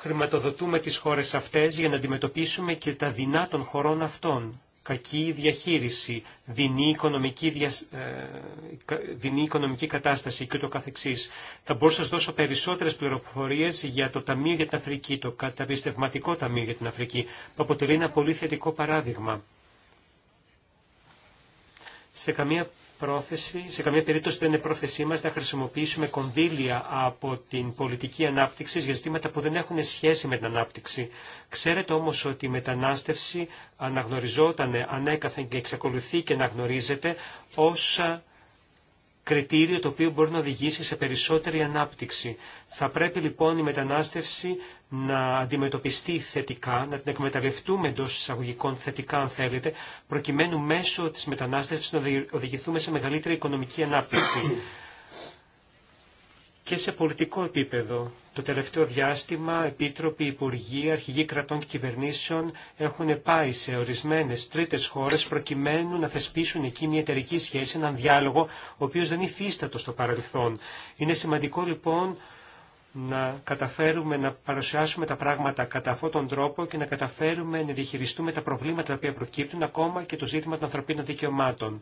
χρηματοδοτούμε τις χώρες αυτές για να αντιμετωπίσουμε και τα δεινά των χωρών αυτών. Κακή διαχείριση, δεινή οικονομική, δια... Ε, δεινή οικονομική κατάσταση και το καθεξής. Θα μπορούσα να σας δώσω περισσότερες πληροφορίες για το Ταμείο για την Αφρική, το καταπιστευματικό Ταμείο για την Αφρική, που αποτελεί ένα πολύ θετικό παράδειγμα. Σε καμία πρόθεση, σε καμία περίπτωση δεν είναι πρόθεσή μας να χρησιμοποιήσουμε κονδύλια από την πολιτική ανάπτυξη για ζητήματα που δεν έχουν σχέση με την ανάπτυξη. Ξέρετε όμως ότι η μετανάστευση αναγνωριζόταν ανέκαθεν και εξακολουθεί και αναγνωρίζεται όσα κριτήριο το οποίο μπορεί να οδηγήσει σε περισσότερη ανάπτυξη. Θα πρέπει λοιπόν η μετανάστευση να αντιμετωπιστεί θετικά, να την εκμεταλλευτούμε εντό εισαγωγικών θετικά αν θέλετε, προκειμένου μέσω της μετανάστευσης να οδηγηθούμε σε μεγαλύτερη οικονομική ανάπτυξη και σε πολιτικό επίπεδο. Το τελευταίο διάστημα, επίτροποι, υπουργοί, αρχηγοί κρατών και κυβερνήσεων έχουν πάει σε ορισμένε τρίτε χώρε προκειμένου να θεσπίσουν εκεί μια εταιρική σχέση, έναν διάλογο, ο οποίο δεν υφίστατο στο παρελθόν. Είναι σημαντικό λοιπόν να καταφέρουμε να παρουσιάσουμε τα πράγματα κατά αυτόν τον τρόπο και να καταφέρουμε να διαχειριστούμε τα προβλήματα τα οποία προκύπτουν, ακόμα και το ζήτημα των ανθρωπίνων δικαιωμάτων.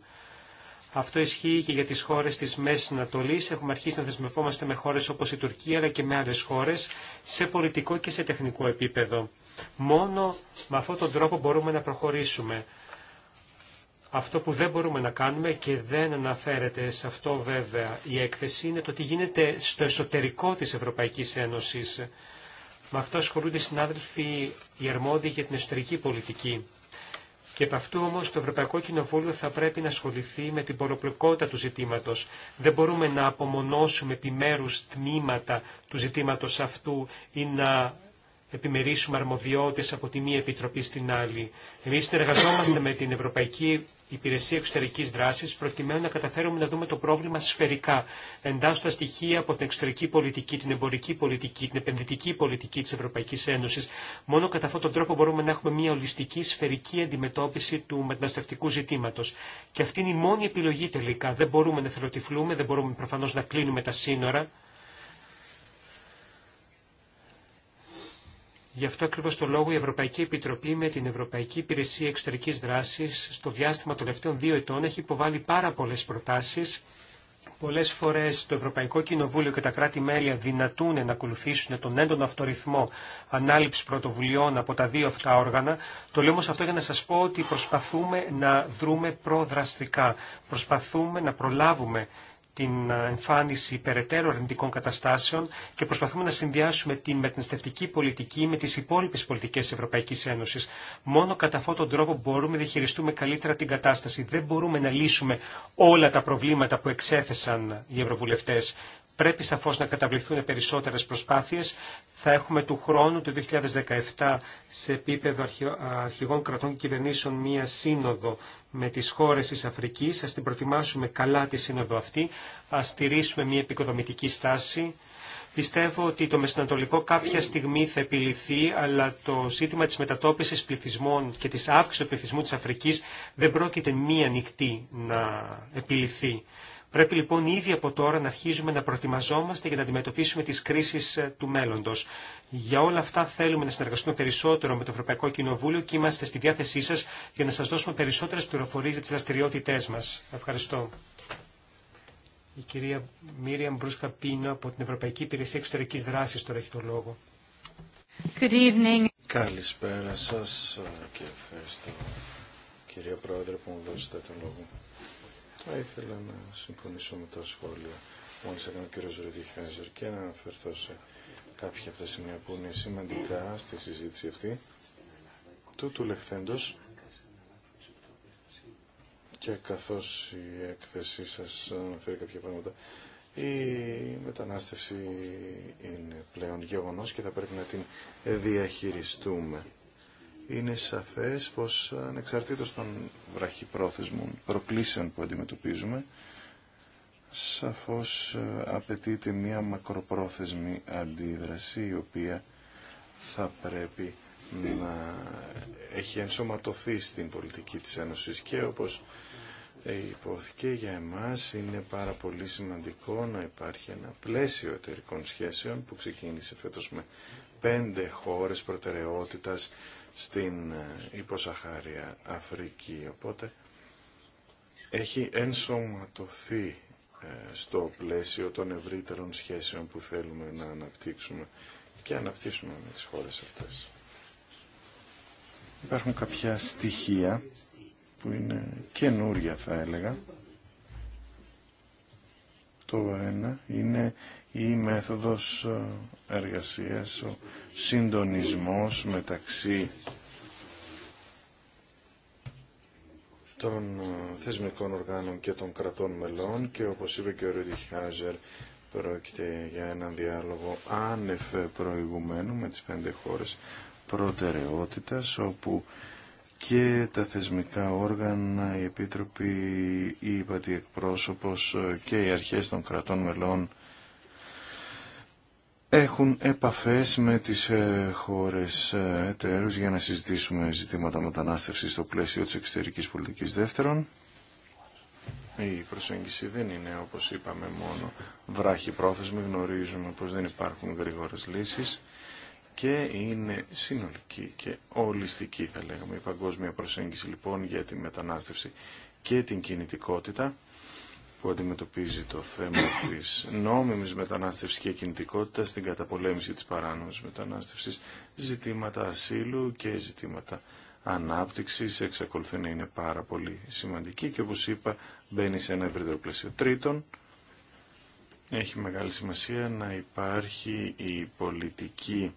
Αυτό ισχύει και για τις χώρες της Μέσης Ανατολής. Έχουμε αρχίσει να δεσμευόμαστε με χώρες όπως η Τουρκία αλλά και με άλλες χώρες σε πολιτικό και σε τεχνικό επίπεδο. Μόνο με αυτόν τον τρόπο μπορούμε να προχωρήσουμε. Αυτό που δεν μπορούμε να κάνουμε και δεν αναφέρεται σε αυτό βέβαια η έκθεση είναι το τι γίνεται στο εσωτερικό της Ευρωπαϊκής Ένωσης. Με αυτό ασχολούνται οι συνάδελφοι οι αρμόδιοι για την εσωτερική πολιτική. Και από αυτού όμως το Ευρωπαϊκό Κοινοβούλιο θα πρέπει να ασχοληθεί με την πολλοπλοκότητα του ζητήματος. Δεν μπορούμε να απομονώσουμε επιμέρους τμήματα του ζητήματος αυτού ή να επιμερίσουμε αρμοδιότητες από τη μία επιτροπή στην άλλη. Εμείς συνεργαζόμαστε με την Ευρωπαϊκή υπηρεσία εξωτερική δράση, προκειμένου να καταφέρουμε να δούμε το πρόβλημα σφαιρικά, τα στοιχεία από την εξωτερική πολιτική, την εμπορική πολιτική, την επενδυτική πολιτική τη Ευρωπαϊκή Ένωση. Μόνο κατά αυτόν τον τρόπο μπορούμε να έχουμε μια ολιστική σφαιρική αντιμετώπιση του μεταναστευτικού ζητήματο. Και αυτή είναι η μόνη επιλογή τελικά. Δεν μπορούμε να θελοτυφλούμε, δεν μπορούμε προφανώ να κλείνουμε τα σύνορα. Γι' αυτό ακριβώ το λόγο η Ευρωπαϊκή Επιτροπή με την Ευρωπαϊκή Υπηρεσία Εξωτερική Δράση στο διάστημα των τελευταίων δύο ετών έχει υποβάλει πάρα πολλέ προτάσει. Πολλέ φορέ το Ευρωπαϊκό Κοινοβούλιο και τα κράτη-μέλη δυνατούν να ακολουθήσουν τον έντονο αυτορυθμό ρυθμό ανάληψη πρωτοβουλειών από τα δύο αυτά όργανα. Το λέω όμω αυτό για να σα πω ότι προσπαθούμε να δρούμε προδραστικά. Προσπαθούμε να προλάβουμε την ε, εμφάνιση περαιτέρω αρνητικών καταστάσεων και προσπαθούμε να συνδυάσουμε την μεταναστευτική πολιτική με τις υπόλοιπες πολιτικές Ευρωπαϊκής Ένωσης. Μόνο κατά αυτόν τον τρόπο μπορούμε να χειριστούμε καλύτερα την κατάσταση. Δεν μπορούμε να λύσουμε όλα τα προβλήματα που εξέθεσαν οι ευρωβουλευτές. Πρέπει σαφώς να καταβληθούν περισσότερες προσπάθειες. Θα έχουμε του χρόνου, του 2017, σε επίπεδο αρχηγών κρατών και κυβερνήσεων μία σύνοδο με τις χώρες της Αφρικής. Ας την προτιμάσουμε καλά τη σύνοδο αυτή. Ας στηρίσουμε μία επικοδομητική στάση. Πιστεύω ότι το μεσανατολικό κάποια στιγμή θα επιληθεί, αλλά το ζήτημα της μετατόπισης πληθυσμών και της αύξησης του πληθυσμού της Αφρικής δεν πρόκειται μία νυχτή να επιληθεί. Πρέπει λοιπόν ήδη από τώρα να αρχίζουμε να προετοιμαζόμαστε για να αντιμετωπίσουμε τις κρίσεις ε, του μέλλοντος. Για όλα αυτά θέλουμε να συνεργαστούμε περισσότερο με το Ευρωπαϊκό Κοινοβούλιο και είμαστε στη διάθεσή σας για να σας δώσουμε περισσότερες πληροφορίες για τις δραστηριότητές μας. Ευχαριστώ. Η κυρία Μίρια Μπρούσκα Πίνο από την Ευρωπαϊκή Υπηρεσία Εξωτερικής Δράσης τώρα έχει το λόγο. Good evening. Καλησπέρα σας και ευχαριστώ κυρία Πρόεδρε που μου δώσετε το λόγο. Θα ήθελα να συμφωνήσω με τα σχόλια μόλις έκανε ο κ. Ρουδιχάζερ και να αναφερθώ σε κάποια από τα σημεία που είναι σημαντικά στη συζήτηση αυτή του του λεχθέντος και καθώς η έκθεσή σας αναφέρει κάποια πράγματα η μετανάστευση είναι πλέον γεγονός και θα πρέπει να την διαχειριστούμε είναι σαφές πως ανεξαρτήτως των βραχυπρόθεσμων προκλήσεων που αντιμετωπίζουμε, σαφώς ε, απαιτείται μια μακροπρόθεσμη αντίδραση η οποία θα πρέπει να έχει ενσωματωθεί στην πολιτική της Ένωσης και όπως ε, υπόθηκε για εμάς είναι πάρα πολύ σημαντικό να υπάρχει ένα πλαίσιο εταιρικών σχέσεων που ξεκίνησε φέτος με πέντε χώρες προτεραιότητας στην ε, υποσαχάρια Αφρική. Οπότε έχει ενσωματωθεί ε, στο πλαίσιο των ευρύτερων σχέσεων που θέλουμε να αναπτύξουμε και αναπτύσσουμε με τις χώρες αυτές. Υπάρχουν κάποια στοιχεία που είναι καινούρια θα έλεγα το ένα είναι η μέθοδος ε, εργασίας, ο συντονισμός μεταξύ των ε, θεσμικών οργάνων και των κρατών μελών και όπως είπε και ο Ρίτι Χάζερ πρόκειται για έναν διάλογο άνευ προηγουμένου με τις πέντε χώρες προτεραιότητας όπου και τα θεσμικά όργανα, οι επίτροποι, η υπατή εκπρόσωπος και οι αρχές των κρατών μελών έχουν επαφές με τις ε, χώρες ε, εταίρους για να συζητήσουμε ζητήματα μετανάστευσης στο πλαίσιο της εξωτερικής πολιτικής δεύτερον. Η προσέγγιση δεν είναι, όπως είπαμε, μόνο βράχη πρόθεσμη. Γνωρίζουμε πως δεν υπάρχουν γρήγορες λύσεις και είναι συνολική και ολιστική θα λέγαμε η παγκόσμια προσέγγιση λοιπόν για τη μετανάστευση και την κινητικότητα που αντιμετωπίζει το θέμα της νόμιμης μετανάστευσης και κινητικότητας στην καταπολέμηση της παράνομης μετανάστευσης, ζητήματα ασύλου και ζητήματα ανάπτυξης εξακολουθεί να είναι πάρα πολύ σημαντική και όπως είπα μπαίνει σε ένα ευρύτερο πλαίσιο. Τρίτον, έχει μεγάλη σημασία να υπάρχει η πολιτική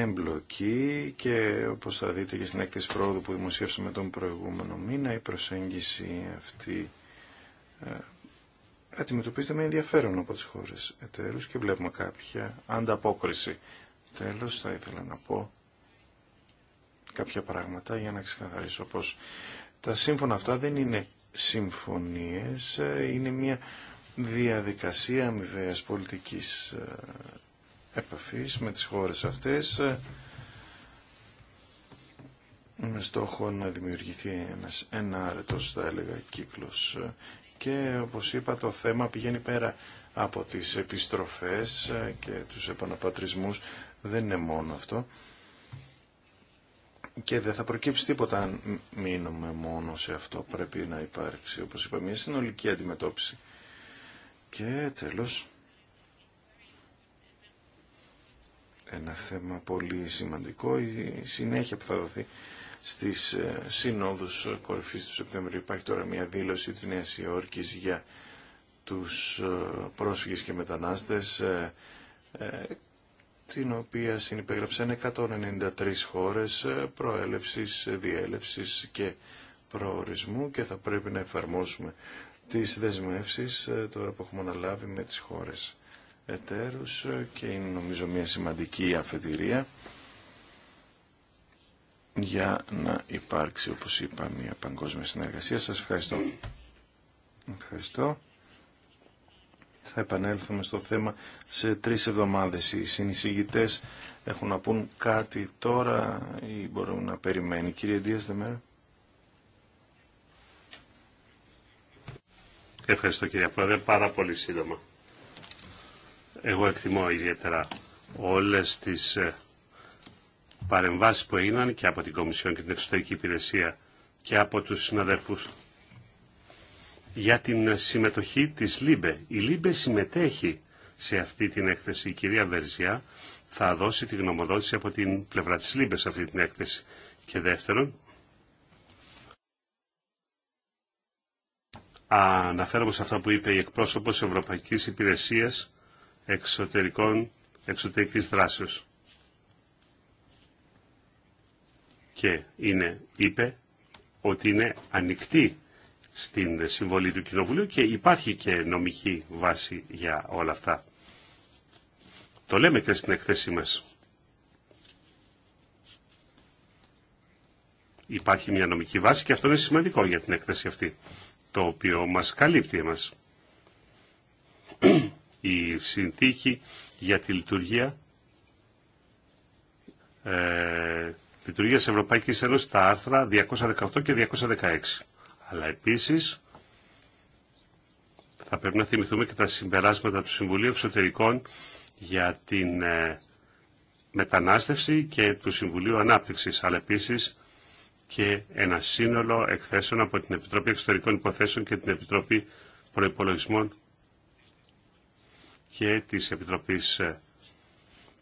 εμπλοκή και όπως θα δείτε και στην έκθεση πρόοδου που δημοσίευσαμε τον προηγούμενο μήνα η προσέγγιση αυτή ε, αντιμετωπίζεται με ενδιαφέρον από τις χώρες εταίρους και βλέπουμε κάποια ανταπόκριση. Τέλος θα ήθελα να πω κάποια πράγματα για να ξεκαθαρίσω πως τα σύμφωνα αυτά δεν είναι συμφωνίες, ε, είναι μια διαδικασία αμοιβαίας πολιτικής ε, επαφής με τις χώρες αυτές ε, με στόχο να δημιουργηθεί ένας ενάρετος, θα έλεγα, κύκλος. Και όπως είπα το θέμα πηγαίνει πέρα από τις επιστροφές ε, και τους επαναπατρισμούς. Δεν είναι μόνο αυτό. Και δεν θα προκύψει τίποτα αν μείνουμε μόνο σε αυτό. Πρέπει να υπάρξει, όπως είπα, μια συνολική αντιμετώπιση. Και τέλος, ένα θέμα πολύ σημαντικό. Η συνέχεια που θα δοθεί στις ε, συνόδους κορυφής του Σεπτεμβρίου υπάρχει τώρα μια δήλωση της Νέας Υόρκης για τους ε, πρόσφυγες και μετανάστες ε, την οποία συνυπέγραψαν 193 χώρες προέλευσης, διέλευσης και προορισμού και θα πρέπει να εφαρμόσουμε τις δεσμεύσεις τώρα που έχουμε αναλάβει με τις χώρες εταίρους και είναι νομίζω μια σημαντική αφετηρία για να υπάρξει, όπως είπα, μια παγκόσμια συνεργασία. Σας ευχαριστώ. Ευχαριστώ. Θα επανέλθουμε στο θέμα σε τρεις εβδομάδες. Οι συνεισηγητές έχουν να πούν κάτι τώρα ή μπορούν να περιμένει. Κύριε Δίας, δεμέρα. Ευχαριστώ κύριε Πρόεδρε. Πάρα πολύ σύντομα. Εγώ εκτιμώ ιδιαίτερα όλες τις ε, παρεμβάσεις που έγιναν και από την Κομισιόν και την Εξωτερική Υπηρεσία και από τους συναδέλφους για την συμμετοχή της ΛΥΜΠΕ. Η ΛΥΜΠΕ συμμετέχει σε αυτή την έκθεση. Η κυρία Βερζιά θα δώσει τη γνωμοδότηση από την πλευρά της ΛΥΜΠΕ σε αυτή την έκθεση. Και δεύτερον, αναφέρομαι σε αυτά που είπε η εκπρόσωπος Ευρωπαϊκής Υπηρεσίας εξωτερικών, εξωτερικής δράσεως. Και είναι, είπε ότι είναι ανοιχτή στην συμβολή του Κοινοβουλίου και υπάρχει και νομική βάση για όλα αυτά. Το λέμε και στην εκθέσή μας. Υπάρχει μια νομική βάση και αυτό είναι σημαντικό για την εκθέση αυτή, το οποίο μας καλύπτει εμάς η συνθήκη για τη λειτουργία ε, λειτουργία Ευρωπαϊκής Ένωσης τα άρθρα 218 και 216. Αλλά επίσης θα πρέπει να θυμηθούμε και τα συμπεράσματα του Συμβουλίου Εξωτερικών για την ε, μετανάστευση και του Συμβουλίου Ανάπτυξης, αλλά επίσης και ένα σύνολο εκθέσεων από την Επιτροπή Εξωτερικών Υποθέσεων και την Επιτροπή Προϋπολογισμών και της Επιτροπής ε,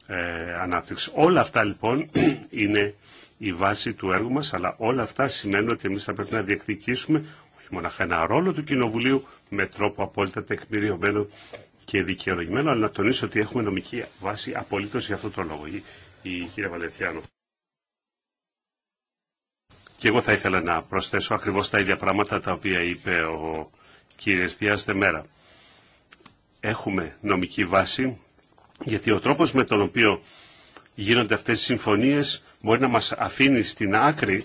ε Ανάπτυξη. Όλα αυτά λοιπόν είναι η βάση του έργου μας, αλλά όλα αυτά σημαίνουν ότι εμείς θα πρέπει να διεκδικήσουμε όχι μόνο ένα ρόλο του Κοινοβουλίου με τρόπο απόλυτα τεκμηριωμένο και δικαιολογημένο, αλλά να τονίσω ότι έχουμε νομική βάση απολύτω για αυτό το λόγο. Η, κυρία Βαλεντιάνο. Και εγώ θα ήθελα να προσθέσω ακριβώς τα ίδια πράγματα τα οποία είπε ο κύριε Στιάς Μέρα έχουμε νομική βάση, γιατί ο τρόπος με τον οποίο γίνονται αυτές οι συμφωνίες μπορεί να μας αφήνει στην άκρη,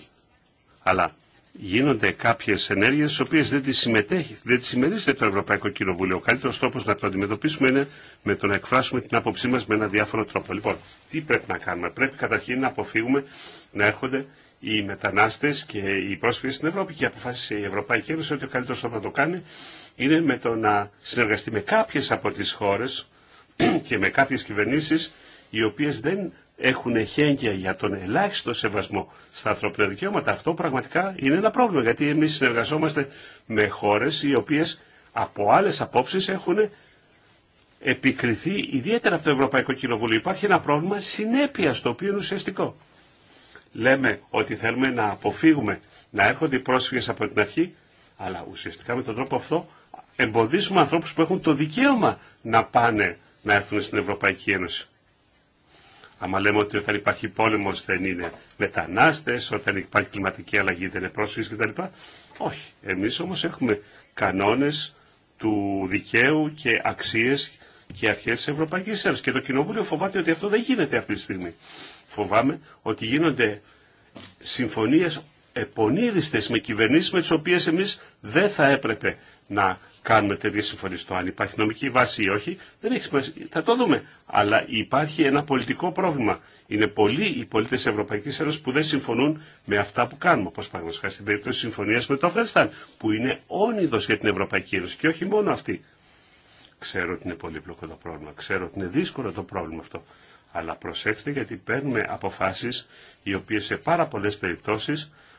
αλλά γίνονται κάποιες ενέργειες στις οποίες δεν τις συμμετέχει, δεν τις συμμερίζεται το Ευρωπαϊκό Κοινοβούλιο. Ο καλύτερος τρόπος να το αντιμετωπίσουμε είναι με το να εκφράσουμε την άποψή μας με ένα διάφορο τρόπο. Λοιπόν, τι πρέπει να κάνουμε. Πρέπει καταρχήν να αποφύγουμε να έρχονται οι μετανάστες και οι πρόσφυγες στην Ευρώπη και αποφάσισε η Ευρωπαϊκή Ένωση ότι ο καλύτερος τρόπος να το κάνει είναι με το να συνεργαστεί με κάποιες από τις χώρες και με κάποιες κυβερνήσεις οι οποίες δεν έχουν εχέγγυα για τον ελάχιστο σεβασμό στα ανθρωπίνα δικαιώματα. Αυτό πραγματικά είναι ένα πρόβλημα γιατί εμείς συνεργαζόμαστε με χώρες οι οποίες από άλλες απόψεις έχουν επικριθεί ιδιαίτερα από το Ευρωπαϊκό Κοινοβούλιο. Υπάρχει ένα πρόβλημα συνέπεια το οποίο είναι ουσιαστικό. Λέμε ότι θέλουμε να αποφύγουμε να έρχονται οι πρόσφυγες από την αρχή, αλλά ουσιαστικά με τον τρόπο αυτό εμποδίσουμε ανθρώπους που έχουν το δικαίωμα να πάνε να έρθουν στην Ευρωπαϊκή Ένωση. Άμα λέμε ότι όταν υπάρχει πόλεμος δεν είναι μετανάστες, όταν υπάρχει κλιματική αλλαγή δεν είναι πρόσφυγες κτλ. Όχι. Εμείς όμως έχουμε κανόνες του δικαίου και αξίες και αρχές της Ευρωπαϊκής Ένωσης. Και το Κοινοβούλιο φοβάται ότι αυτό δεν γίνεται αυτή τη στιγμή. Φοβάμαι ότι γίνονται συμφωνίες επονίδιστες με κυβερνήσεις με τις οποίες εμείς δεν θα έπρεπε να κάνουμε τέτοια συμφωνία στο αν υπάρχει νομική βάση ή όχι, δεν έχει σημασία. Θα το δούμε. Αλλά υπάρχει ένα πολιτικό πρόβλημα. Είναι πολλοί οι πολίτε τη Ευρωπαϊκή Ένωση που δεν συμφωνούν με αυτά που κάνουμε. Όπω παραδείγματο στην περίπτωση συμφωνία με το Αφγανιστάν, που είναι όνειδο για την Ευρωπαϊκή Ένωση και όχι μόνο αυτή. Ξέρω ότι είναι πολύπλοκο το πρόβλημα. Ξέρω ότι είναι δύσκολο το πρόβλημα αυτό. Αλλά προσέξτε γιατί παίρνουμε αποφάσει οι οποίε σε πάρα πολλέ περιπτώσει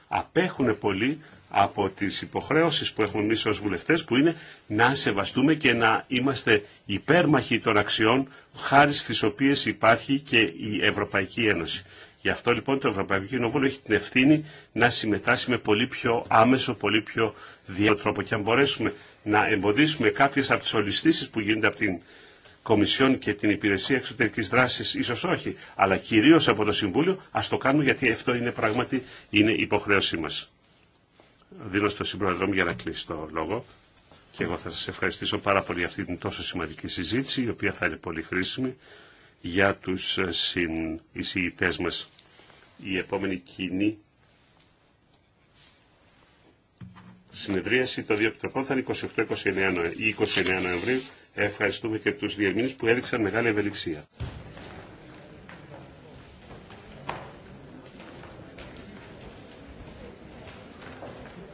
απέχουν πολύ από τις υποχρέωσεις που έχουμε εμείς ως βουλευτές που είναι να σεβαστούμε και να είμαστε υπέρμαχοι των αξιών χάρη στις οποίες υπάρχει και η Ευρωπαϊκή Ένωση. Γι' αυτό λοιπόν το Ευρωπαϊκό Κοινοβούλιο έχει την ευθύνη να συμμετάσχει με πολύ πιο άμεσο, πολύ πιο διάφορο τρόπο και αν μπορέσουμε να εμποδίσουμε κάποιες από τις ολιστήσεις που γίνονται από την Κομισιόν και την Υπηρεσία Εξωτερικής Δράσης, ίσως όχι, αλλά κυρίως από το Συμβούλιο, ας το κάνουμε γιατί αυτό είναι πράγματι είναι υποχρέωσή μας δίνω στο συμπρόεδρο μου για να κλείσει το λόγο. Και εγώ θα σας ευχαριστήσω πάρα πολύ για αυτή την τόσο σημαντική συζήτηση, η οποία θα είναι πολύ χρήσιμη για τους ε, συνεισηγητές μας. Η επόμενη κοινή συνεδρίαση των δύο επιτροπών θα είναι 28-29 Νοεμβρίου. Ευχαριστούμε και τους διερμήνες που έδειξαν μεγάλη ευελιξία.